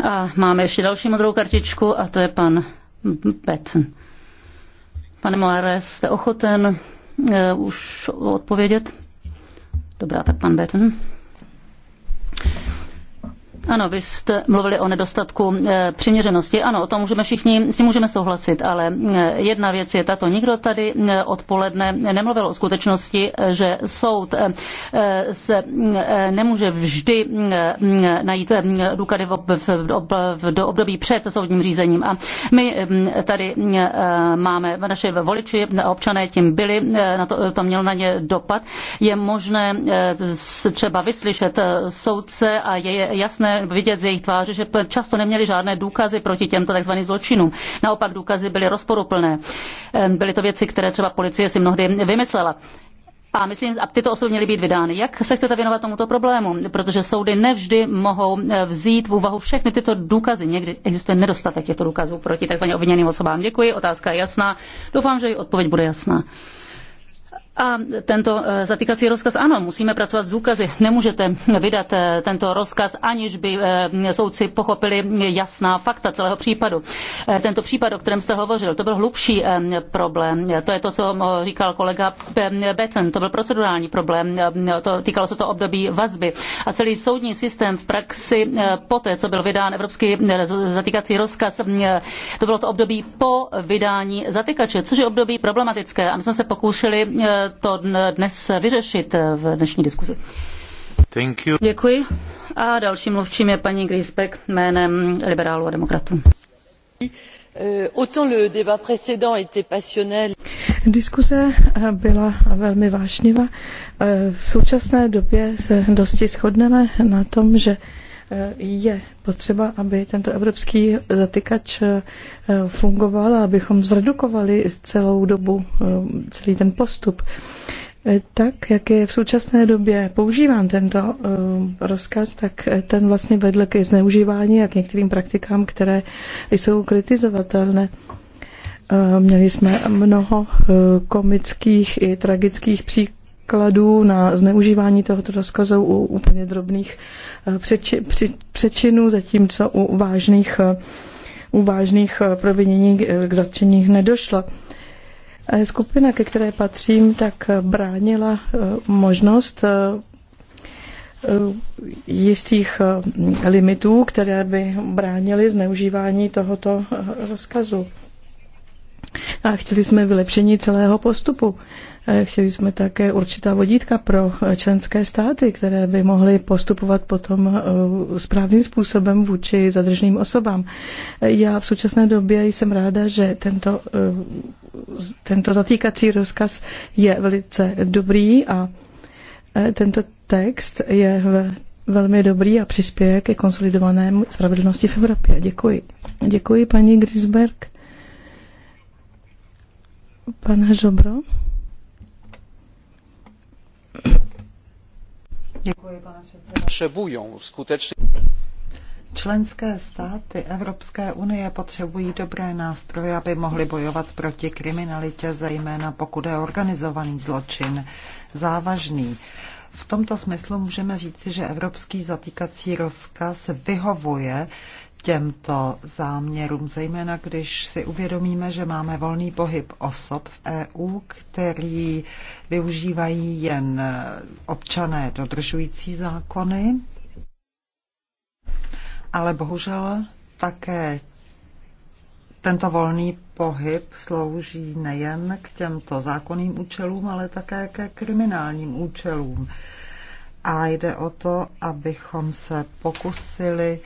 A máme ještě další modrou kartičku a to je pan Betten. Pane Moare, jste ochoten uh, už odpovědět? Dobrá, tak pan Betten. Ano, vy jste mluvili o nedostatku eh, přiměřenosti. Ano, o tom můžeme všichni, s tím můžeme souhlasit, ale eh, jedna věc je tato. Nikdo tady eh, odpoledne nemluvil o skutečnosti, že soud se nemůže vždy najít důkady do období před soudním řízením. A my tady máme naše voliči, občané tím byli, na to, to měl na ně dopad. Je možné třeba vyslyšet soudce a je jasné, vidět z jejich tváře, že často neměli žádné důkazy proti těmto tzv. zločinům. Naopak důkazy byly rozporuplné. Byly to věci, které třeba policie si mnohdy vymyslela. A myslím, a tyto osoby měly být vydány. Jak se chcete věnovat tomuto problému? Protože soudy nevždy mohou eh, vzít v úvahu všechny tyto důkazy. Někdy existuje nedostatek těchto důkazů proti tzv. obviněným osobám. Děkuji, otázka je jasná. Doufám, že i odpověď bude jasná. A tento eh, zatýkací rozkaz, ano, musíme pracovat s důkazy. Nemůžete vydat eh, tento rozkaz, aniž by eh, soudci pochopili jasná fakta celého případu. Tento případ, o kterém jste hovořil, to byl hlubší problém. To je to, co říkal kolega Betten. To byl procedurální problém. To, týkalo se to období vazby. A celý soudní systém v praxi poté, co byl vydán evropský zatýkací rozkaz, to bylo to období po vydání zatykače, což je období problematické. A my jsme se pokoušeli to dnes vyřešit v dnešní diskuzi. Thank you. Děkuji. A dalším mluvčím je paní Griesbeck jménem liberálů a demokratů. Eh, Diskuse eh, byla velmi vášnivá. Eh, v současné době se dosti shodneme na tom, že je potřeba, aby tento evropský zatykač eh, fungoval a abychom zredukovali celou dobu, eh, celý ten postup. Eh, tak, jak je v současné době používán tento rozkaz, tak ten vlastně vedl ke zneužívání a k některým praktikám, které jsou kritizovatelné. Měli jsme mnoho komických i tragických příkladů, příkladů na zneužívání tohoto rozkazu u úplně drobných eh, přečinů, zatímco u vážných, eh, u vážných eh, provinění k zatčení nedošlo. Skupina, ke které patřím, tak bránila možnost jistých limitů, které by bránily zneužívání tohoto rozkazu. A chtěli jsme vylepšení celého postupu. Eh, chtěli jsme také určitá vodítka pro eh, členské státy, které by mohly postupovat potom eh, správným způsobem vůči zadrženým osobám. Já v současné době jsem ráda, že tento, tento zatýkací rozkaz je velice dobrý a tento text je velmi dobrý a přispěje ke konsolidovanému spravedlnosti v Evropě. Děkuji. Děkuji paní Grisberg. Pane Žobro. Děkuji, pane předsedo. Členské státy Evropské unie potřebují dobré nástroje, aby mohly bojovat proti kriminalitě, zejména pokud je organizovaný zločin závažný. V tomto smyslu můžeme říci, že evropský zatýkací rozkaz vyhovuje těmto záměrům, zejména když si uvědomíme, že máme volný pohyb osob v EU, který využívají jen občané dodržující zákony, ale bohužel také tento volný pohyb slouží nejen k těmto zákonným účelům, ale také ke kriminálním účelům. A jde o to, abychom se pokusili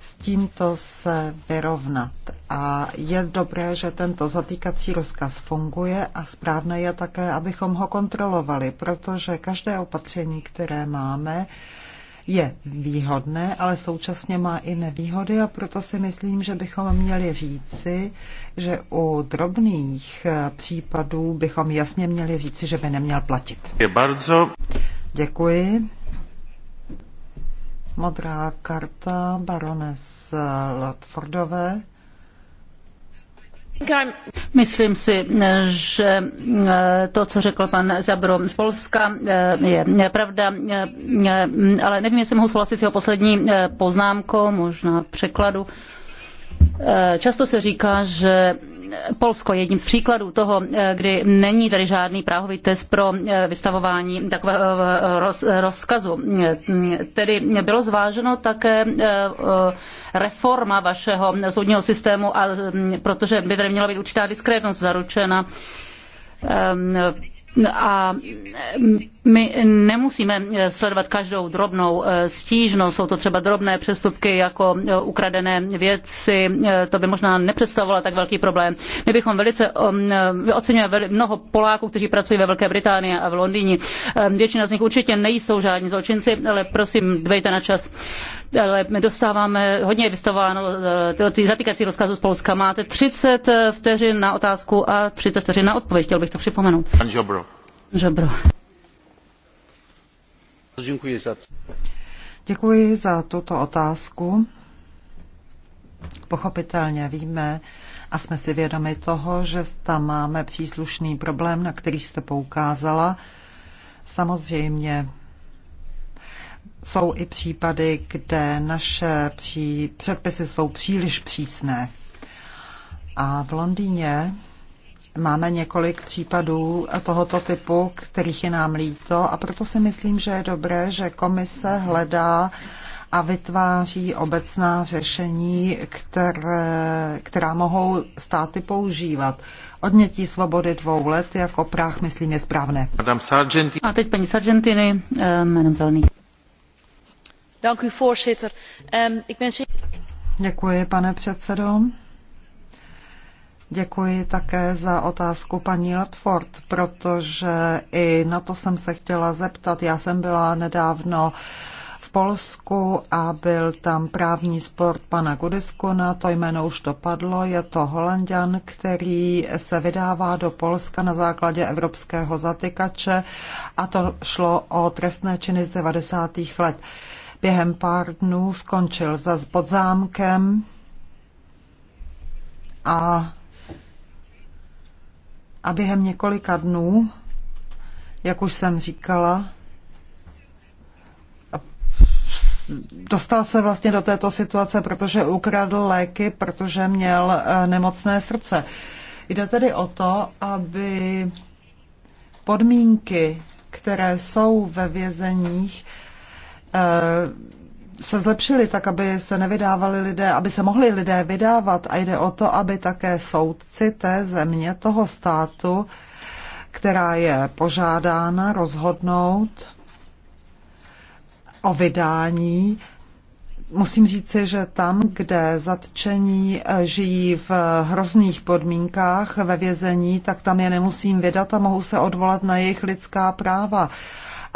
s tímto se vyrovnat. A je dobré, že tento zatýkací rozkaz funguje a správné je také, abychom ho kontrolovali, protože každé opatření, které máme, je výhodné, ale současně má i nevýhody a proto si myslím, že bychom měli říci, že u drobných eh, případů bychom jasně měli říci, že by neměl platit. Je bardzo. Děkuji. Modrá karta barones Latfordové. Myslím si, že eh, to, co řekl pan Zabro z Polska, eh, je pravda, eh, ale nevím, jestli mohu souhlasit s jeho poslední poznámkou, možná v překladu. Často se říká, že Polsko je jedním z příkladů toho, eh, kdy není tady žádný práhový test pro eh, vystavování takového eh, roz, rozkazu. Tedy bylo zváženo také reforma vašeho soudního systému, a, hm, protože by tady měla být určitá diskrétnost zaručena ehm, a my nemusíme sledovat každou drobnou eh, stížnost, jsou to třeba drobné přestupky jako eh, ukradené věci, eh, to by možná nepředstavovalo tak velký problém. My bychom velice oceňujeme mnoho Poláků, kteří pracují ve Velké Británii a v Londýně. Většina z nich určitě nejsou žádní zločinci, ale prosím, dvejte na čas ale my dostáváme hodně je vystováno eh, ty zatýkací rozkazu z Polska. Máte 30 eh, vteřin na otázku a 30 vteřin na odpověď. Chtěl bych to připomenout. Pan Žobro. Žobro. Děkuji za, Děkuji za tuto otázku. Pochopitelně víme a jsme si vědomi toho, že tam máme příslušný problém, na který jste poukázala. Samozřejmě jsou i případy, kde naše pří, předpisy jsou příliš přísné. A v Londýně máme několik případů tohoto typu, kterých je nám líto a proto si myslím, že je dobré, že komise hledá a vytváří obecná řešení, které, která mohou státy používat. Odnětí svobody dvou let jako práh, myslím, je správné. A teď paní Sargentiny, eh, jménem Zelených. Ehm, Děkuji, pane předsedo. Děkuji také za otázku paní Ledford, protože i na to jsem se chtěla zeptat. Já jsem byla nedávno v Polsku a byl tam právní sport pana Gudiskona, to jméno už dopadlo, je to Holandian, který se vydává do Polska na základě evropského zatykače a to šlo o trestné činy z devadesátých let. Během pár dnů skončil za pod zámkem a, a během několika dnů, jak už jsem říkala, dostal se vlastně do této situace, protože ukradl léky, protože měl eh, nemocné srdce. Jde tedy o to, aby podmínky, které jsou ve vězeních, Eh, se zlepšily, tak aby se nevydávali lidé, aby se mohli lidé vydávat a jde o to, aby také soudci té země, toho státu, která je požádána rozhodnout o vydání, musím říci, že tam, kde zatčení eh, žijí v hrozných podmínkách ve vězení, tak tam je nemusím vydat a mohu se odvolat na jejich lidská práva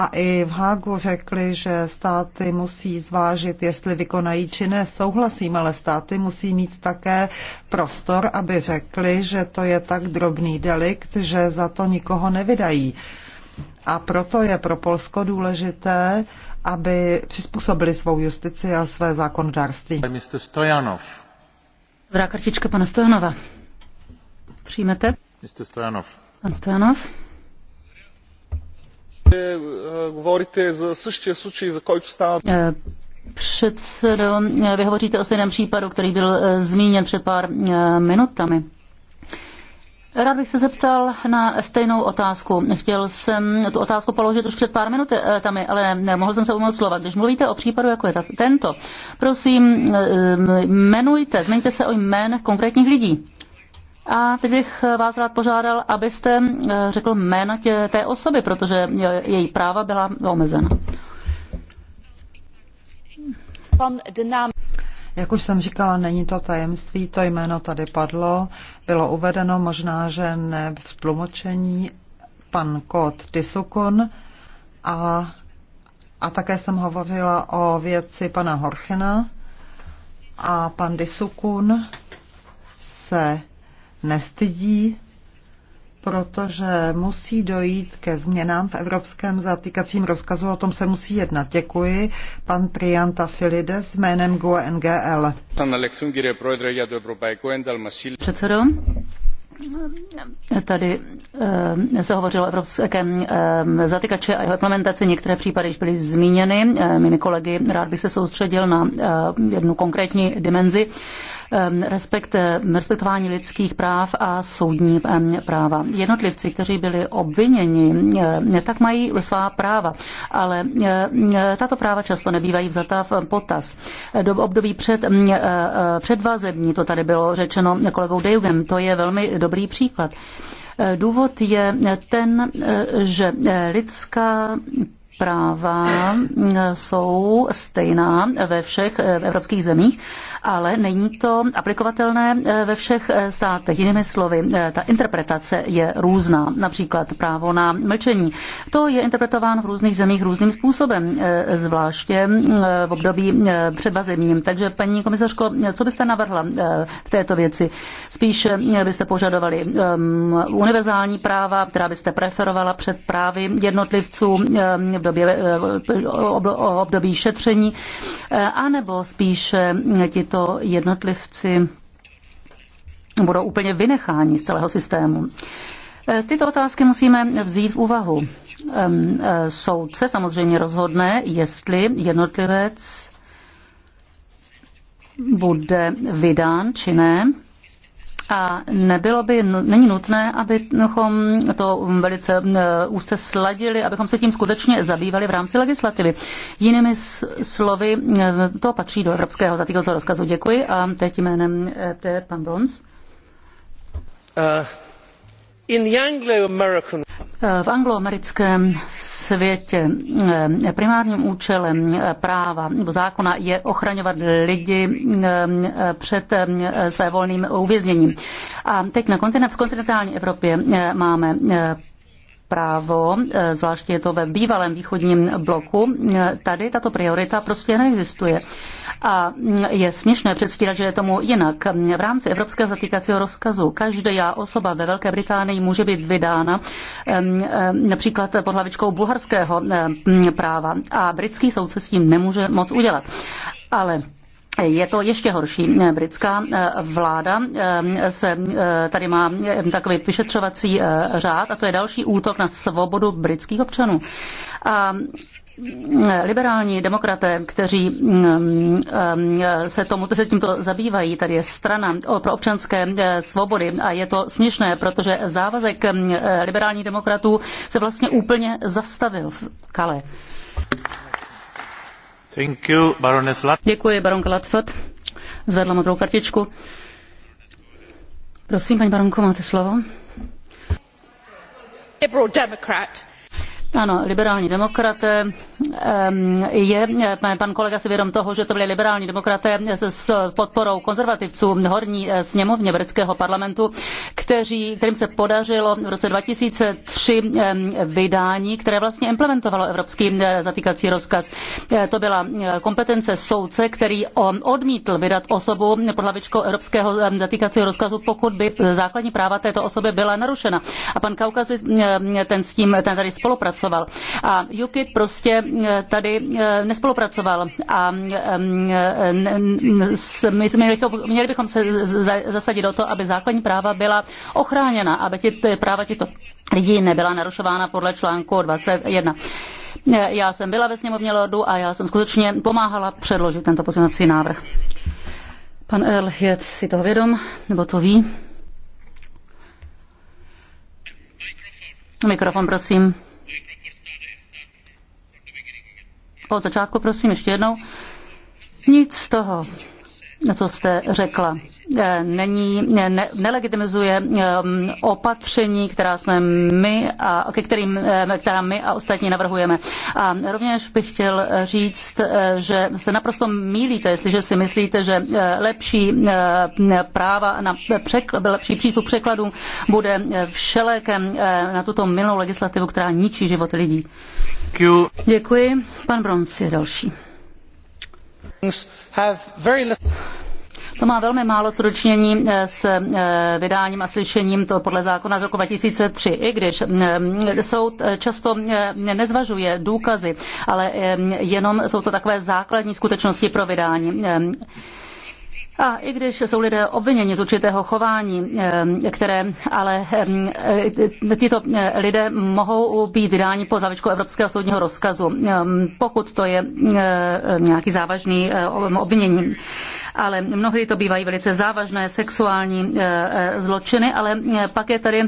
a i v Hágu řekli, že státy musí zvážit, jestli vykonají či ne. Souhlasím, ale státy musí mít také prostor, aby řekli, že to je tak drobný delikt, že za to nikoho nevydají. A proto je pro Polsko důležité, aby přizpůsobili svou justici a své zákonodárství. Mr. Stojanov. Dobrá kartička pana Stojanova. Přijmete? Mr. Stojanov. Pan Stojanov. Говорите за същия случай, за който става předsedo, vy hovoříte o stejném případu, který byl zmíněn před pár minutami. Rád bych se zeptal na stejnou otázku. Chtěl jsem tu otázku položit už před pár minutami, ale nemohl jsem se umět slova. Když mluvíte o případu, jako je tento, prosím, e, e, jmenujte, zmiňte se o jmén konkrétních lidí. A teď bych vás rád požádal, abyste eh, řekl jméno tě, té osoby, protože její práva byla omezena. Pan Jak už jsem říkala, není to tajemství, to jméno tady padlo, bylo uvedeno, možná, že ne v tlumočení, pan Kot Disukun a, a také jsem hovořila o věci pana Horchena a pan Disukun se nestydí, protože musí dojít ke změnám v evropském zatýkacím rozkazu. O tom se musí jednat. Děkuji. Pan Trianta Filides jménem GUE NGL. Předsedo, Tady eh, se hovořilo o evropském eh, zatykače a jeho implementaci. Některé případy již byly zmíněny eh, mými kolegy. Rád bych se soustředil na jednu konkrétní dimenzi Ehm, respekt, eh, respektování lidských práv a soudní ehm, práva. Jednotlivci, kteří byli obviněni, eh, tak mají svá práva, ale eh, tato práva často nebývají vzata v potaz. Do období před, mm, předvazební, to tady bylo řečeno kolegou Dejugem, to je velmi dobrý příklad. Důvod je ten, že lidská práva mm, jsou stejná ve všech evropských zemích ale není to aplikovatelné eh, ve všech eh, státech. Jinými slovy, eh, ta interpretace je různá. Například právo na mlčení. To je interpretováno v různých zemích různým způsobem, zvláště v období předvazemním. Takže, paní komisařko, co byste navrhla v této věci? Spíš byste požadovali ehm, univerzální práva, která byste preferovala před právy jednotlivců ehm, v době, období šetření, anebo spíš ti tito jednotlivci budou úplně vynecháni z celého systému. E, tyto otázky musíme vzít v úvahu. E, e, soudce samozřejmě rozhodne, jestli jednotlivec bude vydán či ne. A nebylo by, není nutné, abychom to velice eh, úzce sladili, abychom se tím skutečně zabývali v rámci legislativy. Jinými slovy, eh, to patří do evropského zatýkacího rozkazu. Děkuji a teď jménem EPT eh, pan Brons. Uh v angloamerickém světě eh, primárním účelem eh, práva nebo zákona je ochraňovat lidi eh, před své volným uvězněním. A teď na kontinent, v kontinentální Evropě máme právo, e, zvláště je to ve bývalém východním bloku, e, tady tato priorita prostě neexistuje. A mm, je směšné předstírat, že je tomu jinak. E, v rámci Evropského zatýkacího rozkazu každá osoba ve Velké Británii může být vydána například pod hlavičkou bulharského práva a britský se s tím nemůže moc udělat. Ale je to ještě horší. Britská eh, vláda eh, se eh, tady má takový vyšetřovací řád a to je další útok na svobodu britských občanů. A liberální demokraté, kteří mm, se, tomu, se tímto zabývají, tady je strana pro občanské svobody a je to směšné, protože závazek liberálních demokratů se vlastně úplně zastavil v Kale. Thank you, baroness Lat- Děkuji, baronka Latford. Zvedla modrou kartičku. Prosím, paní baronko, máte slovo. Liberal Democrat ano, liberální demokraté je, eh, pan kolega si vědom toho, že to byli liberální demokraté s podporou konzervativců v horní eh, sněmovně britského parlamentu, kteří, kterým se podařilo v roce 2003 vydání, které vlastně implementovalo evropský eh, zatýkací rozkaz. To byla kompetence soudce, který odmítl vydat osobu pod hlavičkou evropského zatýkacího rozkazu, pokud by základní práva této osoby byla narušena. A pan Kaukazi ten s tím ten tady spolupracoval spolupracoval. A UKIP prostě eh, tady eh, nespolupracoval. A eh, my měli bychom se zasadit do toho, aby základní práva byla ochráněna, aby ty práva těchto lidí nebyla narušována podle článku 21. Já jsem byla ve sněmovně lordu a já jsem skutečně pomáhala předložit tento pozměňovací návrh. Pan Earl je si toho vědom, nebo to ví? Mikrofon, prosím. Od začátku prosím ještě jednou. Nic z toho co jste řekla. Eh, není, ne, nelegitimizuje ehm, opatření, která jsme my a ke kterým, eh, která my a ostatní navrhujeme. A rovněž bych chtěl říct, eh, že se naprosto mílíte, jestliže si myslíte, že lepší práva na překl, lepší přístup překladů bude všelékem na tuto milou legislativu, která ničí život lidí. Děkuji. Pan Bronc je další to má velmi málo co dočinění eh, s eh, vydáním a slyšením to podle zákona z roku 2003, i když eh, soud často nezvažuje důkazy, ale jenom jsou to takové základní skutečnosti pro vydání. A i když jsou lidé obviněni z určitého chování, eh, které ale eh, tyto eh, lidé mohou být vydáni pod hlavičkou Evropského soudního rozkazu, pokud to je nějaký závažný obvinění ale mnohdy to bývají velice závažné sexuální zločiny, ale pak je tady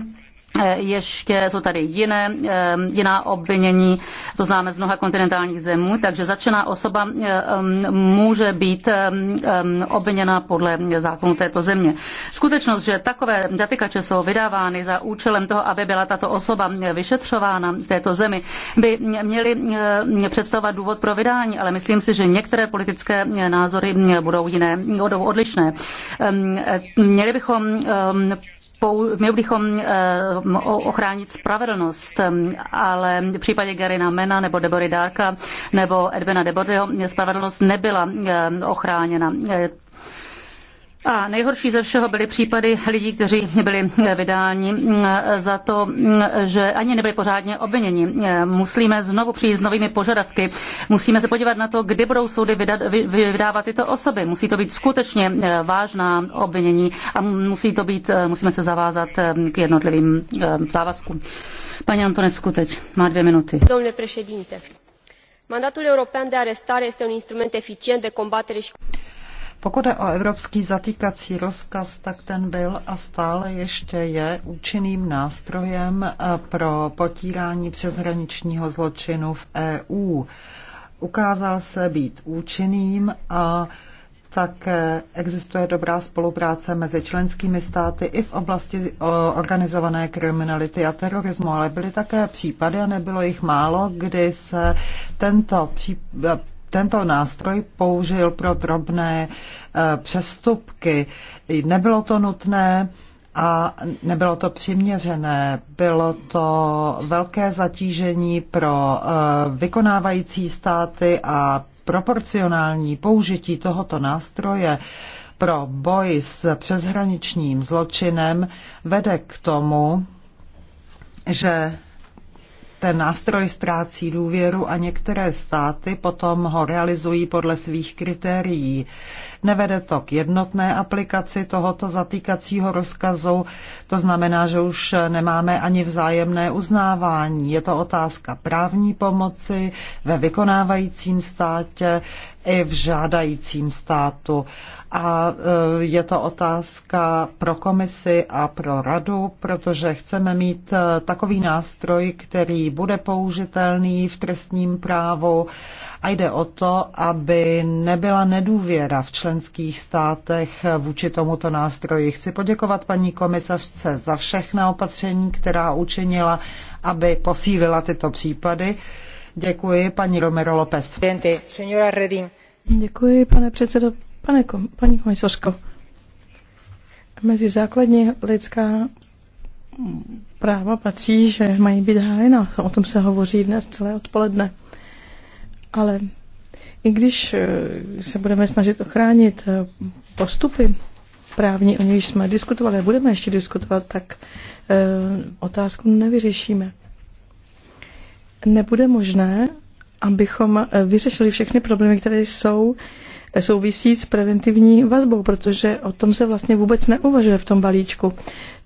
Eh, ještě jsou tady jiné, eh, jiná obvinění, to známe z mnoha kontinentálních zemů, takže začená osoba eh, může být obviněna podle zákonu této země. Skutečnost, že takové zatykače jsou vydávány za účelem toho, aby byla tato osoba vyšetřována v této zemi, by měly představovat důvod pro vydání, ale myslím si, že některé politické názory budou jiné, budou odlišné. Měli bychom, měli bychom ochránit spravedlnost, ale v případě Garina Mena nebo Debory Dárka nebo Edvina Debordyho spravedlnost nebyla eh, ochráněna. A nejhorší ze všeho byly případy lidí, kteří byli vydáni za to, že ani nebyli pořádně obviněni. Musíme znovu přijít s novými požadavky. Musíme se podívat na to, kdy budou soudy vydávat tyto osoby. Musí to být skutečně vážná obvinění a musí to být, musíme se zavázat k jednotlivým závazkům. Paní Antonescu teď má dvě minuty. Domnule președinte, mandatul european de arestare este un instrument eficient de combatere și... Pokud je o evropský zatýkací rozkaz, tak ten byl a stále ještě je účinným nástrojem eh, pro potírání přeshraničního zločinu v EU. Ukázal se být účinným a také existuje dobrá spolupráce mezi členskými státy i v oblasti eh, organizované kriminality a terorismu, ale byly také případy, a nebylo jich málo, kdy se tento tento nástroj použil pro drobné eh, přestupky. Nebylo to nutné a nebylo to přiměřené. Bylo to velké zatížení pro eh, vykonávající státy a proporcionální použití tohoto nástroje pro boj s přeshraničním zločinem vede k tomu, že ten nástroj ztrácí důvěru a některé státy potom ho realizují podle svých kritérií. Nevede to k jednotné aplikaci tohoto zatýkacího rozkazu, to znamená, že už nemáme ani vzájemné uznávání. Je to otázka právní pomoci ve vykonávajícím státě i v žádajícím státu. A e, je to otázka pro komisi a pro radu, protože chceme mít e, takový nástroj, který bude použitelný v trestním právu a jde o to, aby nebyla nedůvěra v členských státech vůči tomuto nástroji. Chci poděkovat paní komisařce za všechna opatření, která učinila, aby posílila tyto případy. Děkuji, paní Romero López. Děkuji, pane předsedo. Pane kom, paní komisařko, mezi základní lidská práva patří, že mají být hájena. O tom se hovoří dnes celé odpoledne. Ale i když eh, se budeme snažit ochránit eh, postupy právní, o nich jsme diskutovali a budeme ještě diskutovat, tak eh, otázku nevyřešíme. Nebude možné, abychom vyřešili všechny problémy, které jsou souvisí s preventivní vazbou, protože o tom se vlastně vůbec neuvažuje v tom balíčku.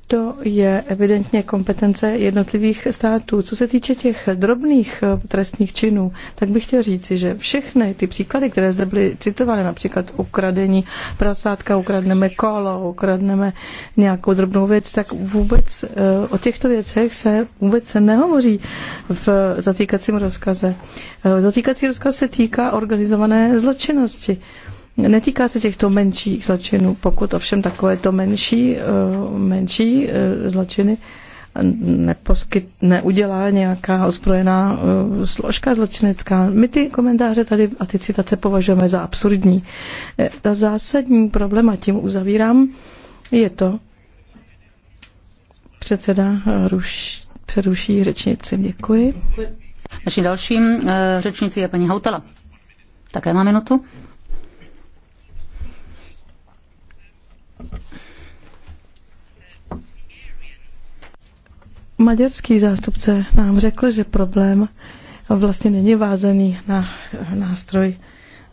To je evidentně kompetence jednotlivých států. Co se týče těch drobných eh, trestních činů, tak bych chtěl říci, že všechny ty příklady, které zde byly citovány, například ukradení prasátka, ukradneme kolo, ukradneme nějakou drobnou věc, tak vůbec eh, o těchto věcech se vůbec se nehovoří v zatýkacím rozkaze. Eh, zatýkací rozkaz se týká organizované zločinnosti. Netýká se těchto menších zločinů, pokud ovšem takovéto menší, eh, menší eh, zločiny neposkyt, neudělá nějaká ozbrojená eh, složka zločinecká. My ty komentáře tady a ty citace považujeme za absurdní. Ta zásadní problém, a tím uzavírám, je to, předseda ruš, přeruší řečnici. Děkuji. Naším dalším řečnicí je paní Hautala. Také má minutu. Maďarský zástupce nám řekl, že problém vlastně není vázaný na nástroj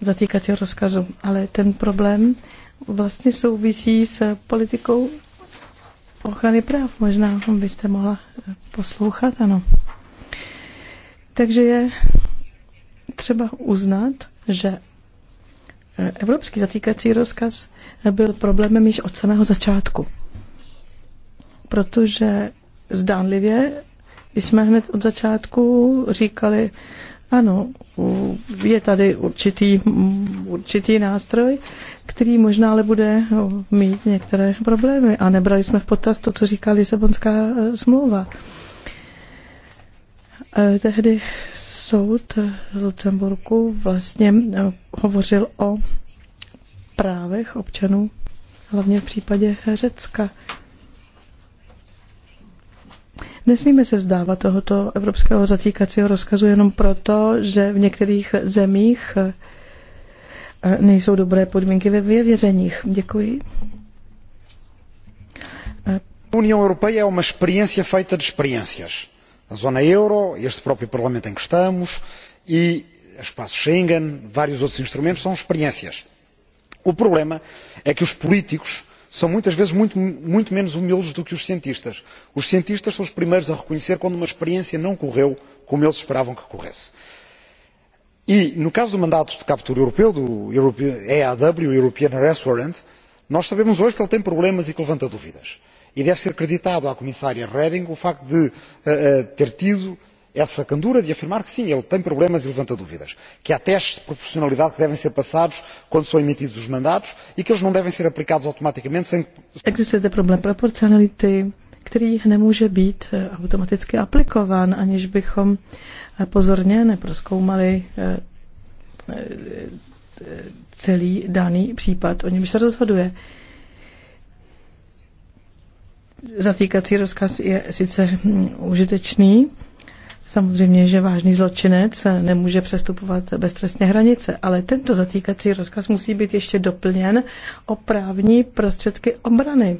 zatýkacího rozkazu, ale ten problém vlastně souvisí s politikou ochrany práv. Možná byste mohla poslouchat, ano. Takže je třeba uznat, že evropský zatýkací rozkaz byl problémem již od samého začátku, protože zdánlivě. My jsme hned od začátku říkali, ano, je tady určitý, určitý nástroj, který možná ale bude mít některé problémy a nebrali jsme v potaz to, co říká Lisabonská eh, smlouva. Eh, tehdy soud v Lucemburku vlastně eh, hovořil o právech občanů, hlavně v případě Řecka. Nesmíme se zdávat tohoto evropského zatýkacího rozkazu jenom proto, že v některých zemích eh, nejsou dobré podmínky ve vězeních. Děkuji. União Europeia é uma experiência feita de experiências. A zona euro, este próprio Parlamento em que estamos, e o espaço Schengen, vários outros instrumentos, são experiências. O problema é que os políticos são muitas vezes muito, muito menos humildes do que os cientistas. Os cientistas são os primeiros a reconhecer quando uma experiência não correu como eles esperavam que corresse. E, no caso do mandato de captura europeu, do EAW, European Arrest Warrant, nós sabemos hoje que ele tem problemas e que levanta dúvidas. E deve ser creditado à Comissária Reding o facto de uh, uh, ter tido essa candura de afirmar que sim ele tem problemas e levanta dúvidas que há testes de proporcionalidade que devem ser passados quando são emitidos os mandatos e que eles não devem ser aplicados automaticamente sem... Existuje zde problém proporcionality, který nemůže být eh, automaticky aplikován, aniž bychom eh, pozorně neproskoumali eh, celý daný případ, o němž se rozhoduje. Zatýkací rozkaz je sice hm, užitečný, Samozřejmě, že vážný zločinec nemůže přestupovat beztrestně hranice, ale tento zatýkací rozkaz musí být ještě doplněn o právní prostředky obrany.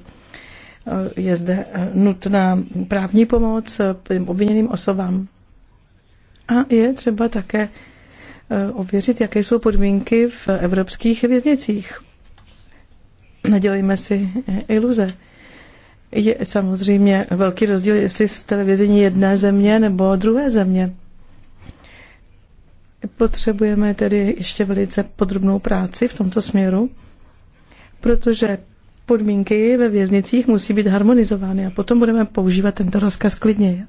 Je zde nutná právní pomoc obviněným osobám. A je třeba také eh, ověřit, jaké jsou podmínky v evropských věznicích. Nedělejme si eh, iluze je samozřejmě velký rozdíl, jestli z televizní jedné země nebo druhé země. Potřebujeme tedy ještě velice podrobnou práci v tomto směru, protože podmínky ve věznicích musí být harmonizovány a potom budeme používat tento rozkaz klidněji.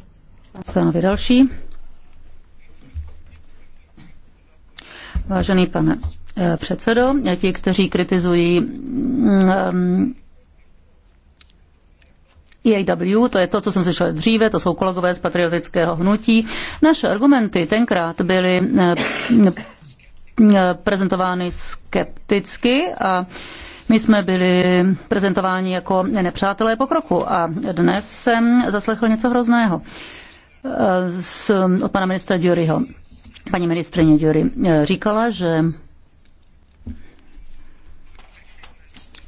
Stanovi další. Vážený pane eh, předsedo, ti, kteří kritizují mm, mm, EAW, to je to, co jsem slyšel dříve, to jsou kolegové z patriotického hnutí. Naše argumenty tenkrát byly eh, eh, prezentovány skepticky a my jsme byli prezentováni jako nepřátelé pokroku a dnes jsem zaslechl něco hrozného eh, od pana ministra Duryho. Paní ministrině Dury říkala, že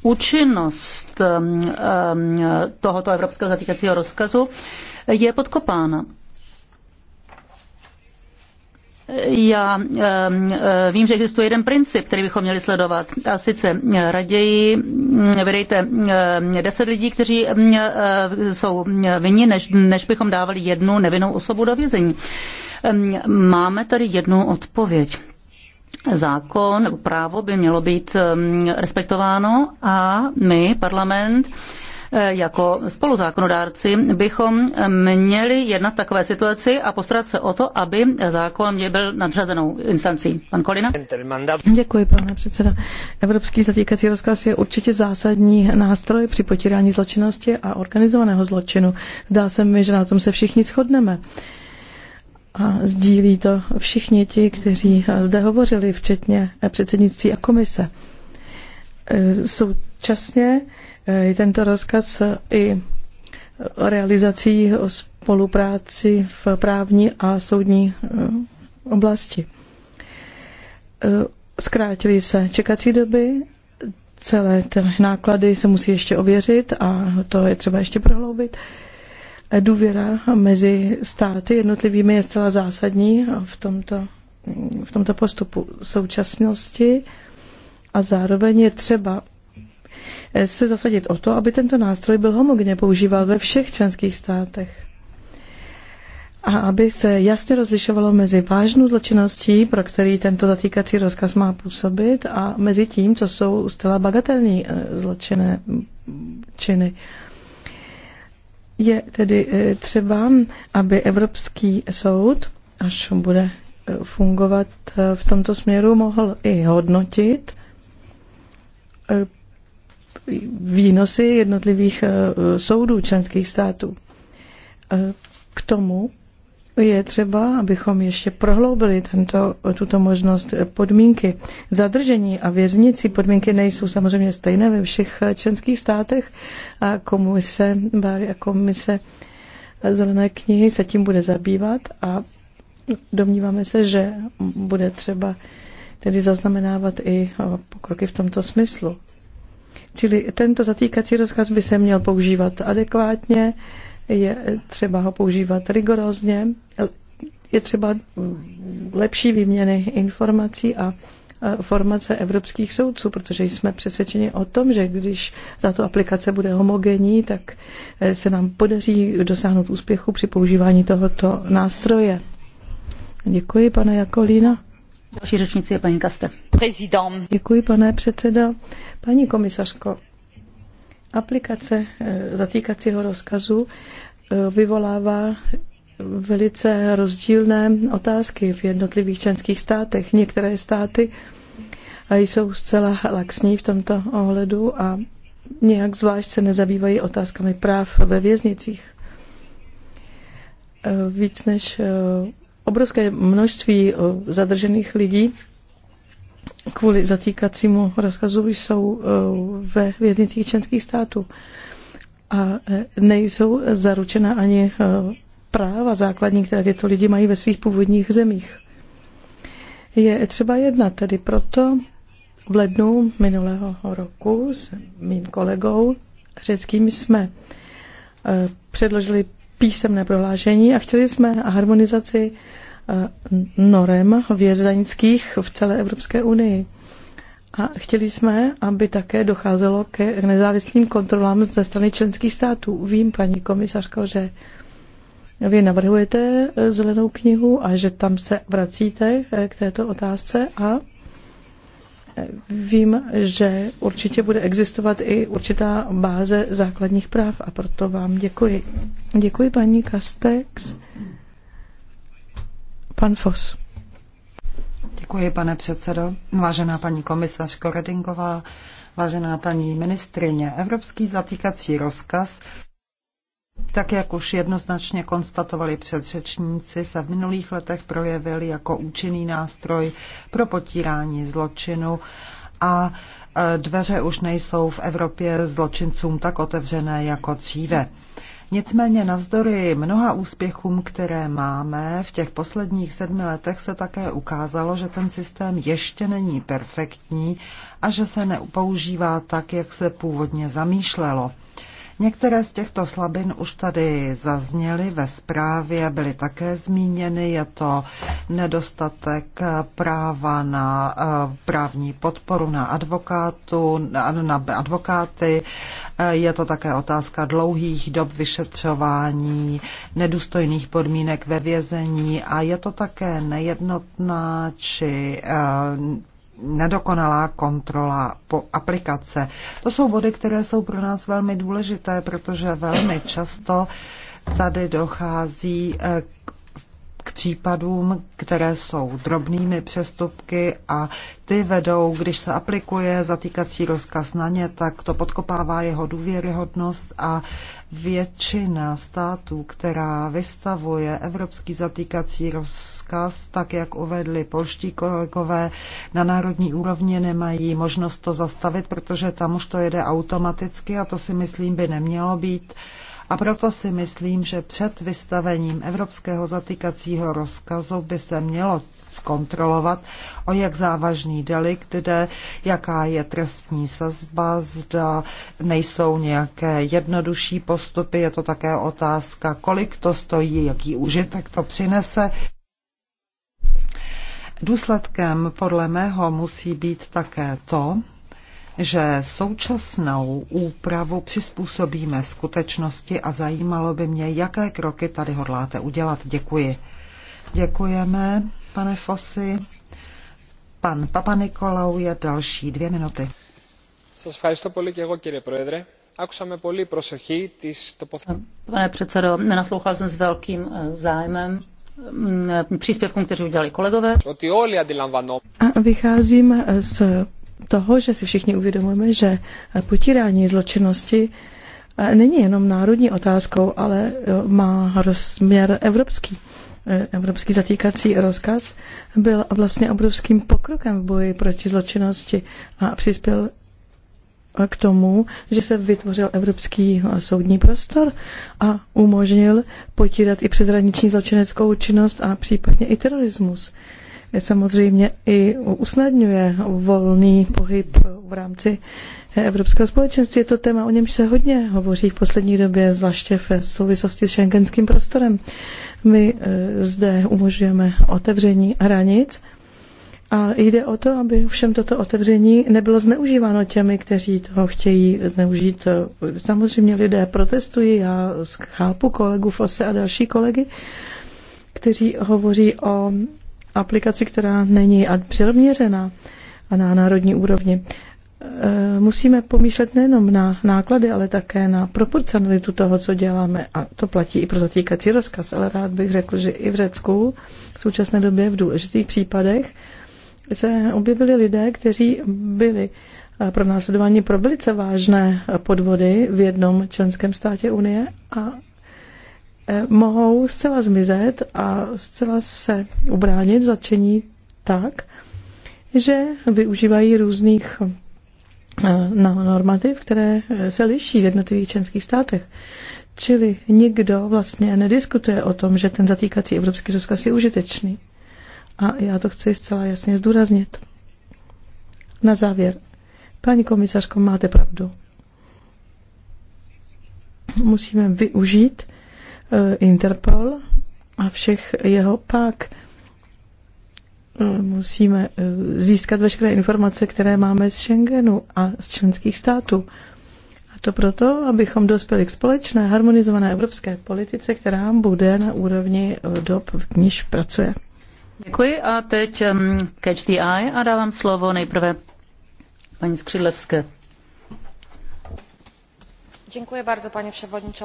účinnost um, um, tohoto evropského zatýkacího rozkazu je podkopána. Já um, uh, vím, že existuje jeden princip, který bychom měli sledovat. A sice uh, raději vydejte deset lidí, kteří uh, jsou vinni, než, než bychom dávali jednu nevinnou osobu do vězení. Máme tady jednu odpověď zákon nebo právo by mělo být um, respektováno a my, parlament, eh, jako spoluzákonodárci bychom měli jednat takové situaci a postarat se o to, aby zákon byl nadřazenou instancí. Pan Kolina? Děkuji, pane předseda. Evropský zatýkací rozkaz je určitě zásadní nástroj při potírání zločinnosti a organizovaného zločinu. Zdá se mi, že na tom se všichni shodneme a sdílí to všichni ti, kteří eh, zde hovořili, včetně eh, předsednictví a komise. Eh, současně je tento rozkaz i realizací o spolupráci v právní a soudní oblasti. Zkrátily se čekací doby, celé ty náklady se musí ještě ověřit a to je třeba ještě prohloubit. Důvěra mezi státy jednotlivými je zcela zásadní v tomto, v tomto postupu současnosti a zároveň je třeba se zasadit o to, aby tento nástroj byl homogenně používal ve všech členských státech a aby se jasně rozlišovalo mezi vážnou zločinností, pro který tento zatýkací rozkaz má působit, a mezi tím, co jsou zcela bagatelní eh, zločinné činy. Je tedy e, třeba, aby Evropský soud, až bude e, fungovat e, v tomto směru, mohl i hodnotit výnosy jednotlivých soudů členských států. K tomu je třeba, abychom ještě prohloubili tento, tuto možnost podmínky zadržení a věznici. Podmínky nejsou samozřejmě stejné ve všech členských státech a komise, a komise zelené knihy se tím bude zabývat a domníváme se, že bude třeba tedy zaznamenávat i pokroky v tomto smyslu. Čili tento zatýkací rozkaz by se měl používat adekvátně, je třeba ho používat rigorózně, je třeba lepší výměny informací a formace evropských soudců, protože jsme přesvědčeni o tom, že když tato aplikace bude homogenní, tak eh, se nám podaří dosáhnout úspěchu při používání tohoto nástroje. Děkuji, pane Jakolína. Další řečnici je paní Kaste. Prezident. Děkuji, pane předseda. Paní komisařko, Aplikace eh, zatýkacího rozkazu eh, vyvolává velice rozdílné otázky v jednotlivých členských státech. Některé státy jsou zcela laxní v tomto ohledu a nějak zvlášť se nezabývají otázkami práv ve věznicích. Eh, víc než obrovské množství zadržených lidí kvůli zatýkacímu rozkazu jsou eh, ve věznicích členských států a eh, nejsou zaručena ani eh, práva základní, které tyto lidi mají ve svých původních zemích. Je třeba jednat tedy proto v lednu minulého roku s mým kolegou řeckým jsme předložili písemné prohlášení a chtěli jsme harmonizaci Eh, norem vězeňských v celé Evropské unii. A chtěli jsme, aby také docházelo ke nezávislým kontrolám ze strany členských států. Vím, paní komisařko, že vy navrhujete zelenou knihu a že tam se vracíte eh, k této otázce a eh, vím, že určitě bude existovat i určitá báze základních práv a proto vám děkuji. Děkuji paní Kastex. Pan Fos. Děkuji, pane předsedo. Vážená paní komisařko Redingová, vážená paní ministrině, Evropský zatýkací rozkaz tak jak už jednoznačně konstatovali předřečníci, se v minulých letech projevil jako účinný nástroj pro potírání zločinu a e, dveře už nejsou v Evropě zločincům tak otevřené jako dříve. Nicméně navzdory mnoha úspěchům, které máme, v těch posledních sedmi letech se také ukázalo, že ten systém ještě není perfektní a že se neupoužívá tak, jak se původně zamýšlelo. Některé z těchto slabin už tady zazněly ve zprávě, byly také zmíněny. Je to nedostatek práva na eh, právní podporu na, advokátu, na advokáty. Eh, je to také otázka dlouhých dob vyšetřování, nedůstojných podmínek ve vězení a je to také nejednotná či eh, nedokonalá kontrola po aplikace. To jsou body, které jsou pro nás velmi důležité, protože velmi často tady dochází k eh, k případům, které jsou drobnými přestupky a ty vedou, když se aplikuje zatýkací rozkaz na ně, tak to podkopává jeho důvěryhodnost a většina států, která vystavuje evropský zatýkací rozkaz, tak jak uvedli polští kolegové, na národní úrovni nemají možnost to zastavit, protože tam už to jede automaticky a to si myslím by nemělo být. A proto si myslím, že před vystavením evropského zatýkacího rozkazu by se mělo zkontrolovat, o jak závažný delikt jde, jaká je trestní sazba, zda nejsou nějaké jednodušší postupy, je to také otázka, kolik to stojí, jaký užitek to přinese. Důsledkem podle mého musí být také to, že současnou úpravu přizpůsobíme skutečnosti a zajímalo by mě, jaké kroky tady hodláte udělat. Děkuji. Děkujeme, pane Fosy. Pan Papa Nikolau je další dvě minuty. Pane předsedo, nenaslouchal jsem s velkým eh, zájmem mm, eh, příspěvkům, kteří udělali kolegové. Vycházím eh, z toho, že si všichni uvědomujeme, že potírání zločinnosti eh, není jenom národní otázkou, ale eh, má rozměr evropský. Eh, evropský zatýkací rozkaz byl vlastně obrovským pokrokem v boji proti zločinnosti a přispěl k tomu, že se vytvořil evropský soudní prostor a umožnil potírat i přeshraniční zločineckou činnost a případně i terorismus samozřejmě i usnadňuje volný pohyb v rámci Evropského společenství. Je to téma, o němž se hodně hovoří v poslední době, zvláště v souvislosti s šengenským prostorem. My eh, zde umožňujeme otevření hranic a jde o to, aby všem toto otevření nebylo zneužíváno těmi, kteří toho chtějí zneužít. Samozřejmě lidé protestují, já chápu kolegu Fosse a další kolegy, kteří hovoří o aplikaci, která není přiměřená a na národní úrovni. E, musíme pomýšlet nejenom na náklady, ale také na proporcionalitu toho, co děláme. A to platí i pro zatýkací rozkaz, ale rád bych řekl, že i v Řecku v současné době v důležitých případech se objevili lidé, kteří byli e, pro následování pro velice vážné podvody v jednom členském státě Unie a mohou zcela zmizet a zcela se ubránit začení tak, že využívají různých eh, no, normativ, které eh, se liší v jednotlivých členských státech. Čili nikdo vlastně nediskutuje o tom, že ten zatýkací evropský rozkaz je užitečný. A já to chci zcela jasně zdůraznit. Na závěr. Paní komisařko, máte pravdu. Musíme využít Eh, Interpol a všech jeho pák. Eh, musíme eh, získat veškeré informace, které máme z Schengenu a z členských států. A to proto, abychom dospěli k společné harmonizované evropské politice, která bude na úrovni dob, v níž pracuje. Děkuji a teď um, catch the eye a dávám slovo nejprve paní Skřidlevské. Děkuji bardzo, pane předsedající.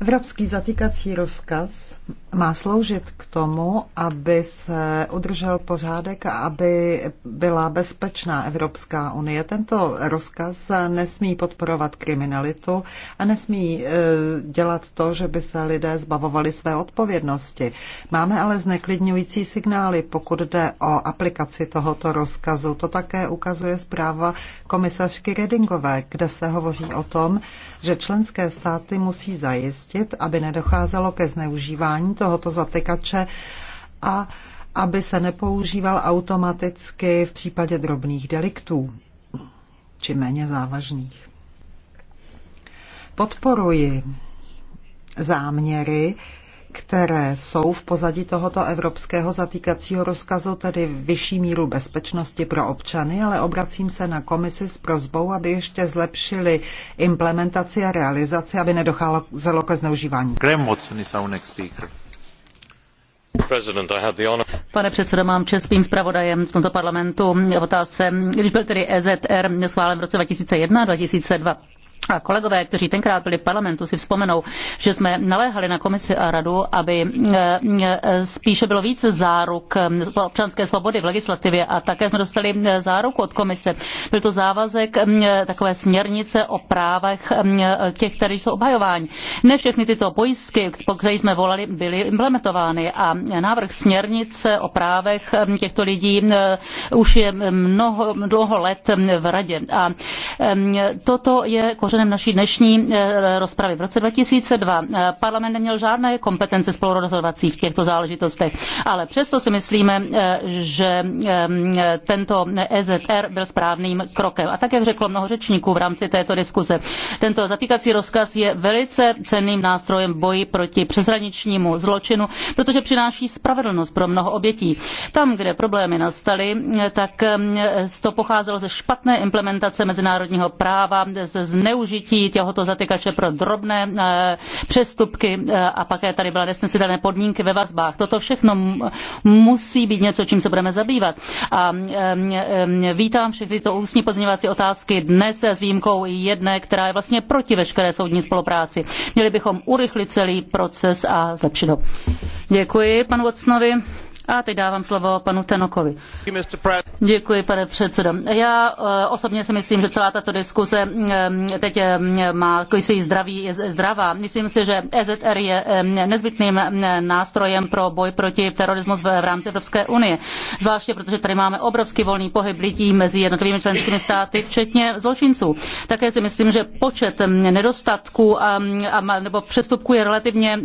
Evropský zatýkací rozkaz má sloužit k tomu, aby se udržel pořádek a aby byla bezpečná Evropská unie. Tento rozkaz nesmí podporovat kriminalitu a nesmí e, dělat to, že by se lidé zbavovali své odpovědnosti. Máme ale zneklidňující signály, pokud jde o aplikaci tohoto rozkazu. To také ukazuje zpráva komisařky Redingové, kde se hovoří o tom, že členské státy musí zajistit, zajistit, aby nedocházelo ke zneužívání tohoto zatykače a aby se nepoužíval automaticky v případě drobných deliktů či méně závažných. Podporuji záměry které jsou v pozadí tohoto evropského zatýkacího rozkazu, tedy vyšší míru bezpečnosti pro občany, ale obracím se na komisi s prozbou, aby ještě zlepšili implementaci a realizaci, aby nedocházelo ke zneužívání. Pane předsedo, mám českým zpravodajem v tomto parlamentu v otázce, když byl tedy EZR schválen v roce 2001 a 2002 a kolegové, kteří tenkrát byli v parlamentu, si vzpomenou, že jsme naléhali na komisi a radu, aby eh, eh, spíše bylo více záruk eh, občanské svobody v legislativě a také jsme dostali záruku od komise. Byl to závazek mm, takové směrnice o právech mm, těch, kteří jsou obhajováni. Ne všechny tyto pojistky, po kterých jsme volali, byly implementovány a návrh směrnice o právech mm, těchto lidí už je mnoho, dlouho let v radě. A toto je kořenem naší dnešní eh, rozpravy. V roce 2002 eh, parlament neměl žádné kompetence spolurozhodovací v těchto záležitostech, ale přesto si myslíme, eh, že tento EZR byl správným krokem. A tak, jak řeklo mnoho řečníků v rámci této diskuse, tento zatýkací rozkaz je velice cenným nástrojem boji proti přeshraničnímu zločinu, protože přináší spravedlnost pro mnoho obětí. Tam, kde problémy nastaly, tak to pocházelo ze špatné implementace mezinárodního práva, ze zneužití zneužití těhoto zatykače pro drobné eh, přestupky eh, a pak tady byla nesnesitelné podmínky ve vazbách. Toto všechno musí být něco, čím se budeme zabývat. A eh, vítám všechny tyto ústní pozměňovací otázky dnes s výjimkou jedné, která je vlastně proti veškeré soudní spolupráci. Měli bychom urychlit celý proces a zlepšit ho. Děkuji panu Vocnovi. A teď dávám slovo panu Tenokovi. Děkuji, pane předsedo. Já e, osobně si myslím, že celá tato diskuse e, teď e, má kojsi zdraví, je zdravá. Myslím si, že EZR je nezbytným nástrojem pro boj proti terorismu v rámci Evropské unie. Zvláště protože tady máme obrovský volný pohyb lidí mezi jednotlivými členskými státy, včetně zločinců. Také si myslím, že počet nedostatků a, a, nebo přestupků je relativně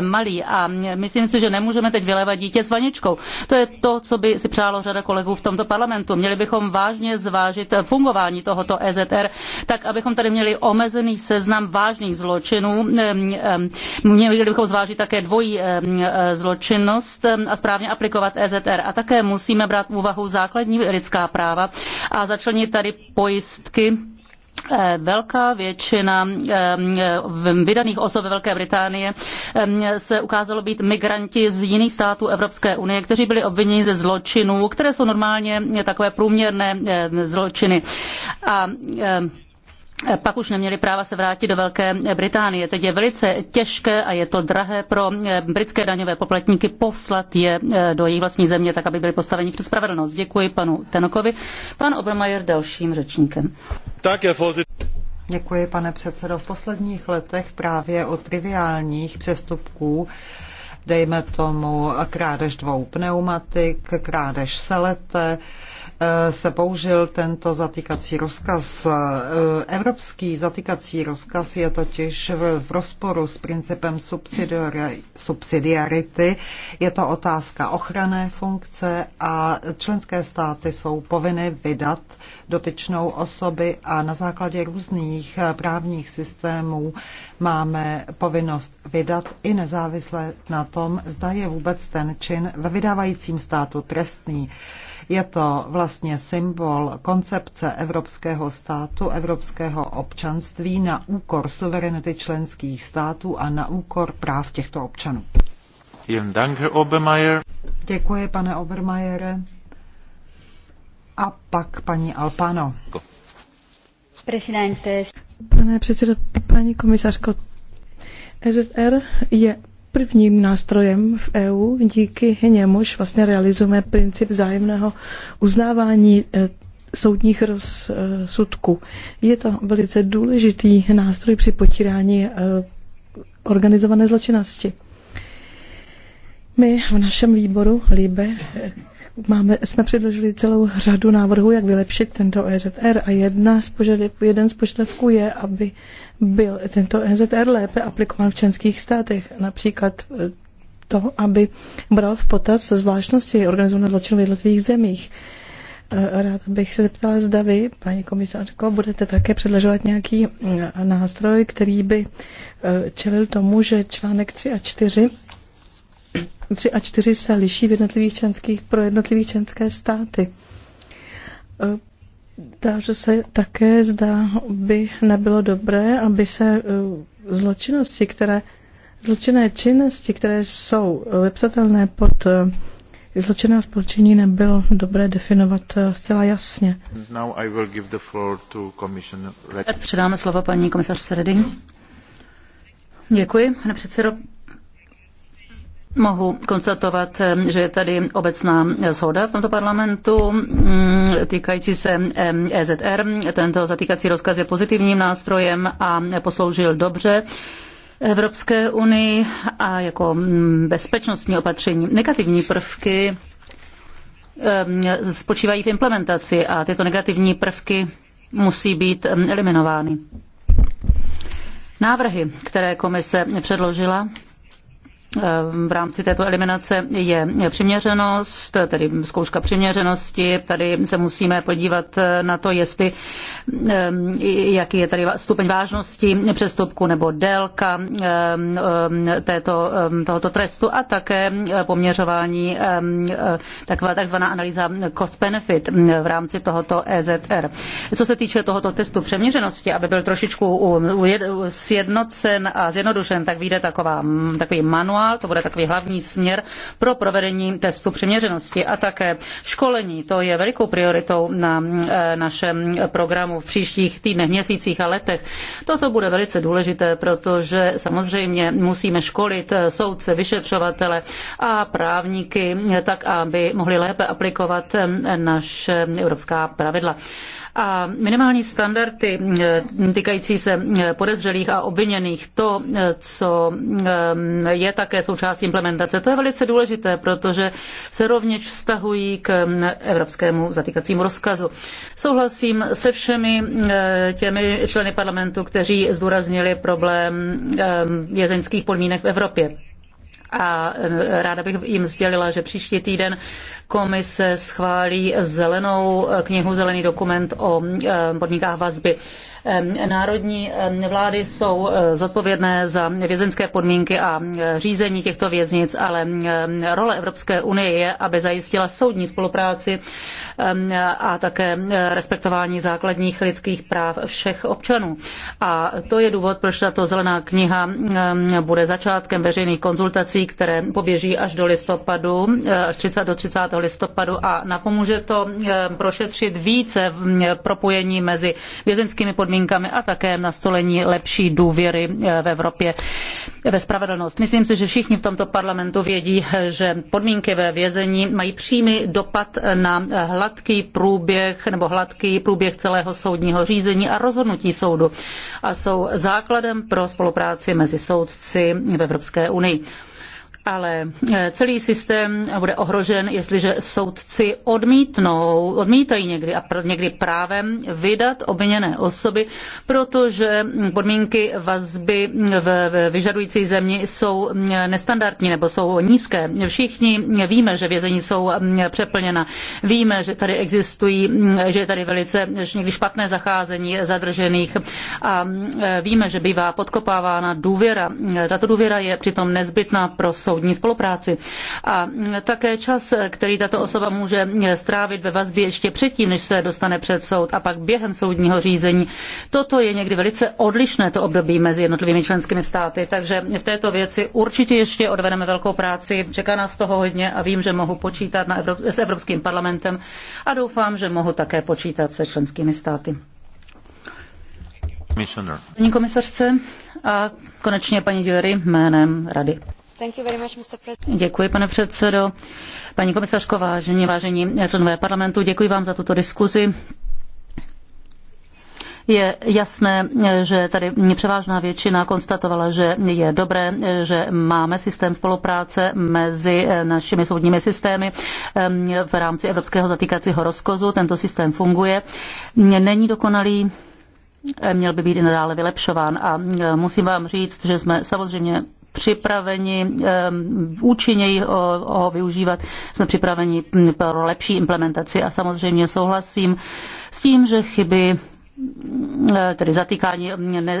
malý a myslím si, že nemůžeme teď vylevat dítě s vaničkou. To je to, co by si přálo řada kolegů v tomto parlamentu. Měli bychom vážně zvážit fungování tohoto EZR, tak abychom tady měli omezený seznam vážných zločinů. Měli bychom zvážit také dvojí zločinnost a správně aplikovat EZR. A také musíme brát v úvahu základní lidská práva a začlenit tady pojistky Eh, velká většina eh, vydaných osob ve Velké Británie eh, se ukázalo být migranti z jiných států Evropské unie, kteří byli obviněni ze zločinů, které jsou normálně takové průměrné zločiny. A pak už neměli práva se vrátit do Velké Británie. Teď je velice těžké a je to drahé pro britské daňové poplatníky poslat je do jejich vlastní země, tak aby byli postaveni před spravedlnost. Děkuji panu Tenokovi. Pan Obermajer dalším řečníkem. Děkuji, pane předsedo. V posledních letech právě o triviálních přestupků dejme tomu krádež dvou pneumatik, krádež selete, Eh, se použil tento zatýkací rozkaz. Eh, evropský zatýkací rozkaz je totiž v rozporu s principem subsidiarity. Je to otázka ochranné funkce a členské státy jsou povinny vydat dotyčnou osoby a na základě různých eh, právních systémů máme povinnost vydat i nezávisle na tom, zda je vůbec ten čin ve vydávajícím státu trestný. Je to vlastně symbol koncepce evropského státu, evropského občanství na úkor suverenity členských států a na úkor práv těchto občanů. Děkuji, pane Obermajere. A pak paní Alpano. Pane předsedo, paní komisařko, EZR je prvním nástrojem v EU, díky němuž vlastně realizujeme princip vzájemného uznávání eh, soudních rozsudků. Je to velice důležitý nástroj při potírání eh, organizované zločinnosti. My v našem výboru LIBE Máme, jsme předložili celou řadu návrhů, jak vylepšit tento EZR a jedna z požadavků, jeden z požadavků je, aby byl tento EZR lépe aplikován v členských státech. Například eh, to, aby bral v potaz zvláštnosti organizovaného zločinu v jednotlivých zemích. Eh, rád bych se zeptala, zda vy, paní komisářko, budete také předložovat nějaký mm, nástroj, který by eh, čelil tomu, že článek 3 a 4 3 a 4 se liší v jednotlivých členských, pro jednotlivých členské státy. E, Takže se také, zdá, by nebylo dobré, aby se e, zločinnosti, které, zločinné činnosti, které jsou vypsatelné pod e, zločinné spolčení, nebylo dobré definovat zcela jasně. Předáme slovo paní komisařce Reding. Děkuji, pane předsedo. Mohu konstatovat, eh, že je tady obecná shoda v tomto parlamentu mm, týkající se EZR. Eh, e Tento zatýkací rozkaz je pozitivním nástrojem a posloužil dobře. Evropské unii a jako mm, bezpečnostní opatření. Negativní prvky eh, spočívají v implementaci a tyto negativní prvky musí být eliminovány. Návrhy, které komise předložila, Ehm, v rámci této eliminace je přiměřenost, tedy zkouška přiměřenosti. Tady se musíme podívat eh, na to, jestli ehm, jaký je tady stupeň vážnosti přestupku nebo délka ehm, této, tohoto trestu a také eh, poměřování eh, taková takzvaná analýza cost-benefit mm, v rámci tohoto EZR. Co se týče tohoto testu přeměřenosti, aby byl trošičku sjednocen a zjednodušen, tak vyjde taková, takový manuál, manuál, to bude takový hlavní směr pro provedení testu přiměřenosti a také školení. To je velikou prioritou na eh, našem programu v příštích týdnech, měsících a letech. Toto bude velice důležité, protože samozřejmě musíme školit eh, soudce, vyšetřovatele a právníky eh, tak, aby mohli lépe aplikovat naše evropská pravidla. A minimální standardy eh, týkající se eh, podezřelých a obviněných, to, eh, co je také součástí implementace, to je velice důležité, protože se rovněž vztahují k evropskému zatýkacímu rozkazu. Souhlasím se všemi těmi členy parlamentu, kteří zdůraznili problém vězeňských podmínek v Evropě. A ráda bych jim sdělila, že příští týden komise schválí zelenou eh, knihu, zelený dokument o podmínkách vazby. Národní vlády jsou eh, zodpovědné za vězeňské podmínky a eh, řízení těchto věznic, ale role Evropské unie je, aby zajistila soudní spolupráci a také respektování základních lidských práv všech občanů. A to je důvod, proč tato zelená kniha bude začátkem veřejných konzultací, které poběží až do listopadu, eh, až 30, do 30. listopadu a napomůže to prošetřit více propojení mezi vězeňskými podmínkami podmínkami a také nastolení lepší důvěry eh, v Evropě eh, ve spravedlnost. Myslím si, že všichni v tomto parlamentu vědí, eh, že podmínky ve vězení mají přímý dopad na hladký průběh nebo hladký průběh celého soudního řízení a rozhodnutí soudu a jsou základem pro spolupráci mezi soudci v Evropské unii ale eh, celý systém bude ohrožen, jestliže soudci odmítnou, odmítají někdy a někdy právem vydat obviněné osoby, protože podmínky vazby v vyžadující zemi jsou eh, nestandardní nebo jsou nízké. Všichni víme, že vězení jsou eh, přeplněna. Víme, že tady existují, že je tady velice někdy špatné zacházení zadržených a víme, že bývá podkopávána důvěra. Tato důvěra je přitom nezbytná pro soud soudní spolupráci. A také čas, který tato osoba může strávit ve vazbě ještě předtím, než se dostane před soud a pak během soudního řízení. Toto je někdy velice odlišné to období mezi jednotlivými členskými státy, takže v této věci určitě ještě odvedeme velkou práci. Čeká nás toho hodně a vím, že mohu počítat na Evrop- s Evropským parlamentem a doufám, že mohu také počítat se členskými státy. Paní komisařce a konečně paní Dury jménem Rady. Děkuji, pane předsedo. Paní komisařko, vážení, vážení členové parlamentu, děkuji vám za tuto diskuzi. Je jasné, že tady převážná většina konstatovala, že je dobré, že máme systém spolupráce mezi našimi soudními systémy v rámci Evropského zatýkacího rozkozu. Tento systém funguje. Není dokonalý, měl by být i nadále vylepšován. A musím vám říct, že jsme samozřejmě připraveni eh, účinněji ho využívat, jsme připraveni mm, pro lepší implementaci a samozřejmě souhlasím s tím, že chyby mm, eh, tedy zatýkání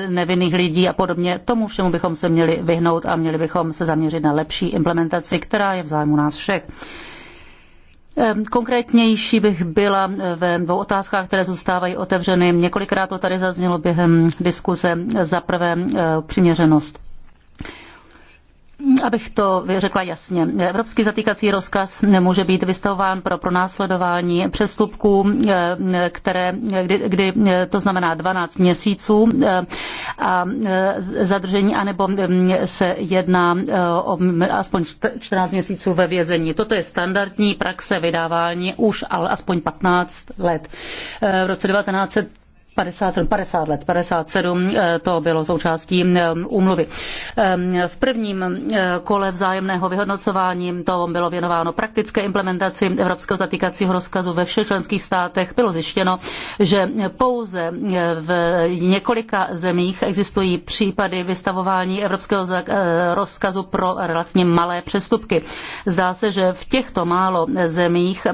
nevinných lidí a podobně. Tomu všemu bychom se měli vyhnout a měli bychom se zaměřit na lepší implementaci, která je v zájmu nás všech. Eh, konkrétnější bych byla ve dvou otázkách, které zůstávají otevřeny. Několikrát to tady zaznělo během diskuze. Za prvé přiměřenost Abych to řekla jasně, evropský zatýkací rozkaz nemůže být vystavován pro pronásledování přestupků, eh, které, kdy, kdy eh, to znamená 12 měsíců eh, a zadržení, anebo mm, se jedná o mm, aspoň 14 měsíců ve vězení. Toto je standardní praxe vydávání už ale aspoň 15 let. V roce 19 57, 50 let, 57, eh, to bylo součástí eh, úmluvy. Eh, v prvním kole vzájemného vyhodnocování to bylo věnováno praktické implementaci Evropského zatýkacího rozkazu ve všech členských státech. Bylo zjištěno, že pouze v několika zemích existují případy vystavování Evropského rozkazu pro relativně malé přestupky. Zdá se, že v těchto málo zemích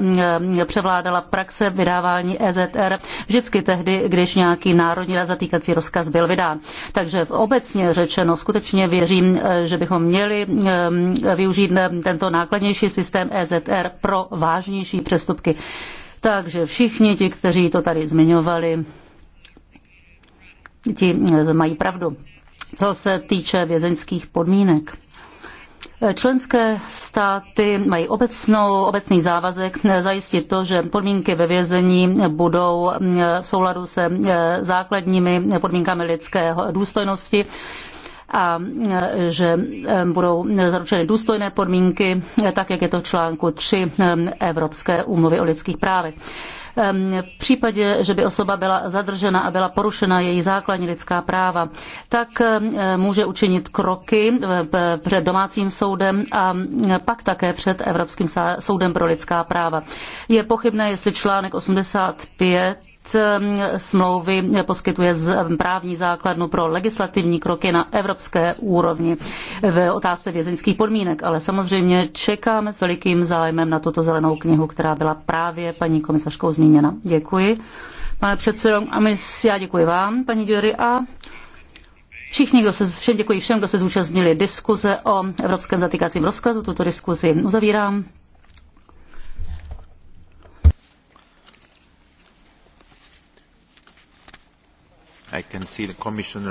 převládala praxe vydávání EZR vždycky tehdy, když nějaký národní zatýkací rozkaz byl vydán. Takže v obecně řečeno skutečně věřím, eh, že bychom měli eh, využít eh, tento nákladnější systém EZR pro vážnější přestupky. Takže všichni ti, kteří to tady zmiňovali, ti mají pravdu. Co se týče vězeňských podmínek, Členské státy mají obecnou, obecný závazek eh, zajistit to, že podmínky ve vězení budou eh, v souladu se eh, základními podmínkami lidské důstojnosti a že budou zaručeny důstojné podmínky, tak jak je to v článku 3 Evropské úmluvy o lidských právech. Ehm, v případě, že by osoba byla zadržena a byla porušena její základní lidská práva, tak ehm, může učinit kroky ehm, před domácím soudem a pak také před Evropským soudem pro lidská práva. Je pochybné, jestli článek 85 Ehm, smlouvy poskytuje ehm, právní základnu pro legislativní kroky na evropské úrovni v otázce vězeňských podmínek. Ale samozřejmě čekáme s velikým zájmem na tuto zelenou knihu, která byla právě paní komisařkou zmíněna. Děkuji. Pane předsedo, a my, já děkuji vám, paní Dury, a Všichni, kdo se, všem děkuji všem, kdo se zúčastnili diskuze o evropském zatýkacím rozkazu. Tuto diskuzi uzavírám. I can see the commissioner